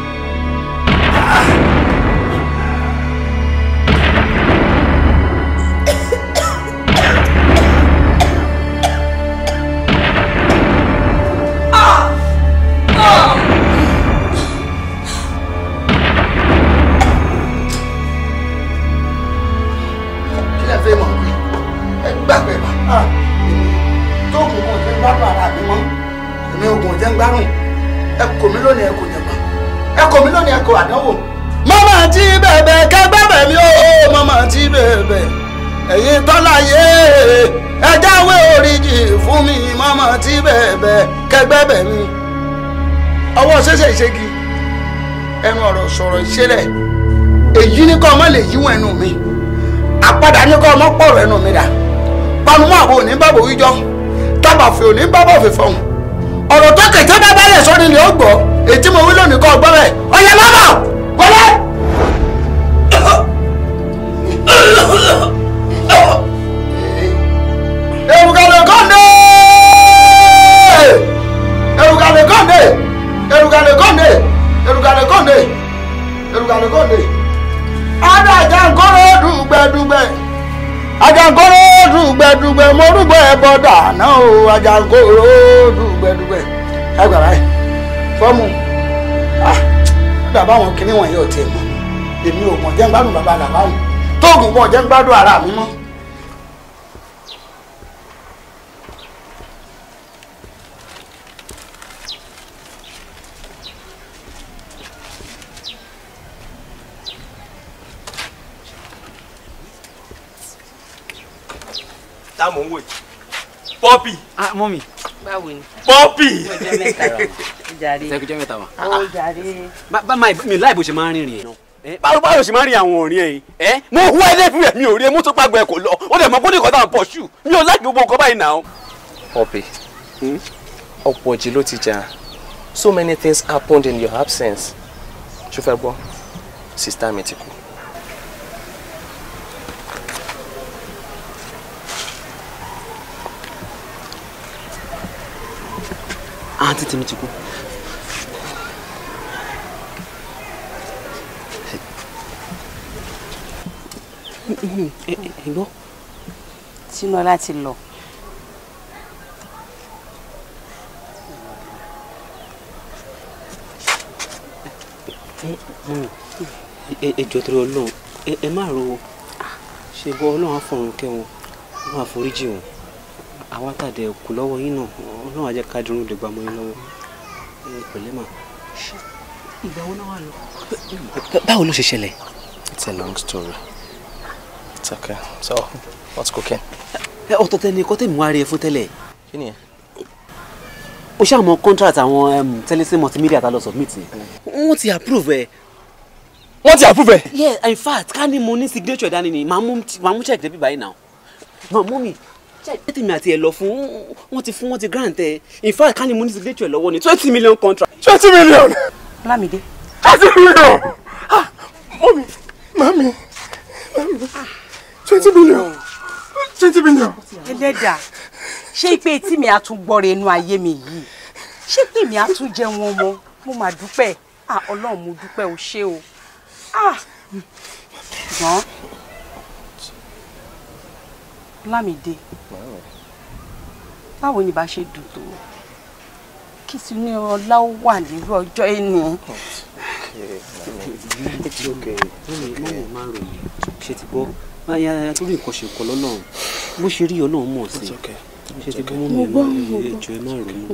àgbo àdánwò. mọ́mọ́ ti bẹ̀bẹ̀ kẹgbẹ́bẹ̀ mi ó mọ́mọ́ ti bẹ̀bẹ̀ ẹ̀yin tọ́láyé ẹ jáwé oríjì fún mi mọ́mọ́ ti bẹ̀bẹ̀ kẹgbẹ́bẹ̀ mi. ọwọ́ ṣẹ̀ṣẹ̀ ìṣègi ẹnu ọ̀rọ̀ sọ̀rọ̀ ìṣẹ̀lẹ̀ èyí ní kọ́ ọmọ lè yíwọ̀n ẹnu mi àpadà ní kọ́ ọmọ pọ̀rọ̀ ẹnu mi dà panumọ́ àbò ní bàbá òwíjọ́ tábàfẹ́ òní bàbá òfìfọ́hùn ọ̀rọ̀ tó kẹ̀tẹ́ bá bẹ́lẹ̀ sórí ni ó gbọ́ ètí mo wí lónìí kọ́ ọgbọ́n rẹ̀ ọ̀yẹ́ mọ́mọ́ wọlé. èrùkàlẹ̀ kọ́ndé èrùkàlẹ̀ kọ́ndé èrùkàlẹ̀ kọ́ndé èrùkàlẹ̀ kọ́ndé èrùkàlẹ̀ kọ́ndé. adájà ń kóró dùgbẹ́dùgbẹ́. Àjànkóró dùgbẹ̀dùgbẹ̀ mo rúgbọ́ ẹbọ dànù o Àjànkóró dùgbẹ̀dùgbẹ̀ ẹ gbàgbà yìí fọ́ọ̀mù ah, bàbá àwọn kìnnìwọ̀n yóò tiẹ̀ mọ̀ èmi ò mọ̀ jẹ́ ń gbádùn bàbá làbáwò tóògùn pọ̀ jẹ́ ń gbádùn ara mi mọ́. ń wò yìí pọ́pì. mọ́ mi. báwo ni. pọ́pì. ọjọ́ mẹ́ta wa jàre. ìtẹ́kùjọ́ mẹ́ta wa. ó jàre. bá mi láì bó ṣe máa ń rìnrìn yẹn báwo báwo ṣe máa rí àwọn òrìn ẹ̀yìn ẹ mo hu ẹlẹ́fù rẹ̀ mi ò rí ẹ mo tún pàgbọ́ ẹ kò lọ ó dẹ̀ mọ kó kọ́tà pọ̀ ṣù mi ò láti gbogbo nǹkan báyìí náà. ọ̀pẹ hmm? ọ̀pọ̀ jì ló ti jà so many things happened in your absence ṣùfẹ́ gbọ́ sista mi ti kú. àǹtí tèmi ti kú. ẹ̀gbọ́n Tinola ti lọ. ẹjọ torí Ọlọ́run ẹ má ro ṣe bọ Ọlọ́run àfọrùn kẹwọn wọn àforíjì wọn àwa tàdé kù lọ́wọ́ yín náà ọlọ́run á ká dúró dègbà mọ́ yín lọ́wọ́ pẹ̀lẹ́ mà. ìgbà wo náà wà lọ. báwo ló ṣe ṣẹlẹ̀. it's a long story it's okay so what's cooking. ẹ ọ̀tọ̀ tẹ́lẹ̀ kọ́ tẹ̀mí wá rí ẹ fún tẹ́lẹ̀. kí ni ẹ. o ṣe àwọn contract àwọn tẹ́lẹ̀sí multimedia ta lọ submit. Mm. wọ́n ti approve ẹ wọ́n ti approve Yes, in fact ká ní mo ní signature dání ni màá mú check debi báyìí náà màá mú mi ṣe tèmi àti ẹ lọ fún wọn ti fún wọn ti grant ẹ in fact ká mo ní ti lé ẹ lọ́wọ́ ni twenty million contract. twenty million. Lámìdé. twenty million mọ́mi mami mami twenty million twenty million. ẹlẹ́dàá ṣé ipe tí mi á tún ẹnu ayé mi yìí ṣé pé mi á tún jẹun ọmọ mo mà dúpẹ́ ah, ọlọ́run mo dúpẹ́ o ṣé o. ṣùgbọ́n ah, Lámìdé báwo ni bá ṣe dùn tó kí sinú ọlá ó wà nírú ọjọ́ ẹni. ṣe ti gbọ́ torí nǹkan ṣe kọ́ lọ́nà bó ṣe rí ọlọ́run mọ̀ sí ṣe ti gbọ́ mọ̀ ní ẹjọ́ ẹ má ronú.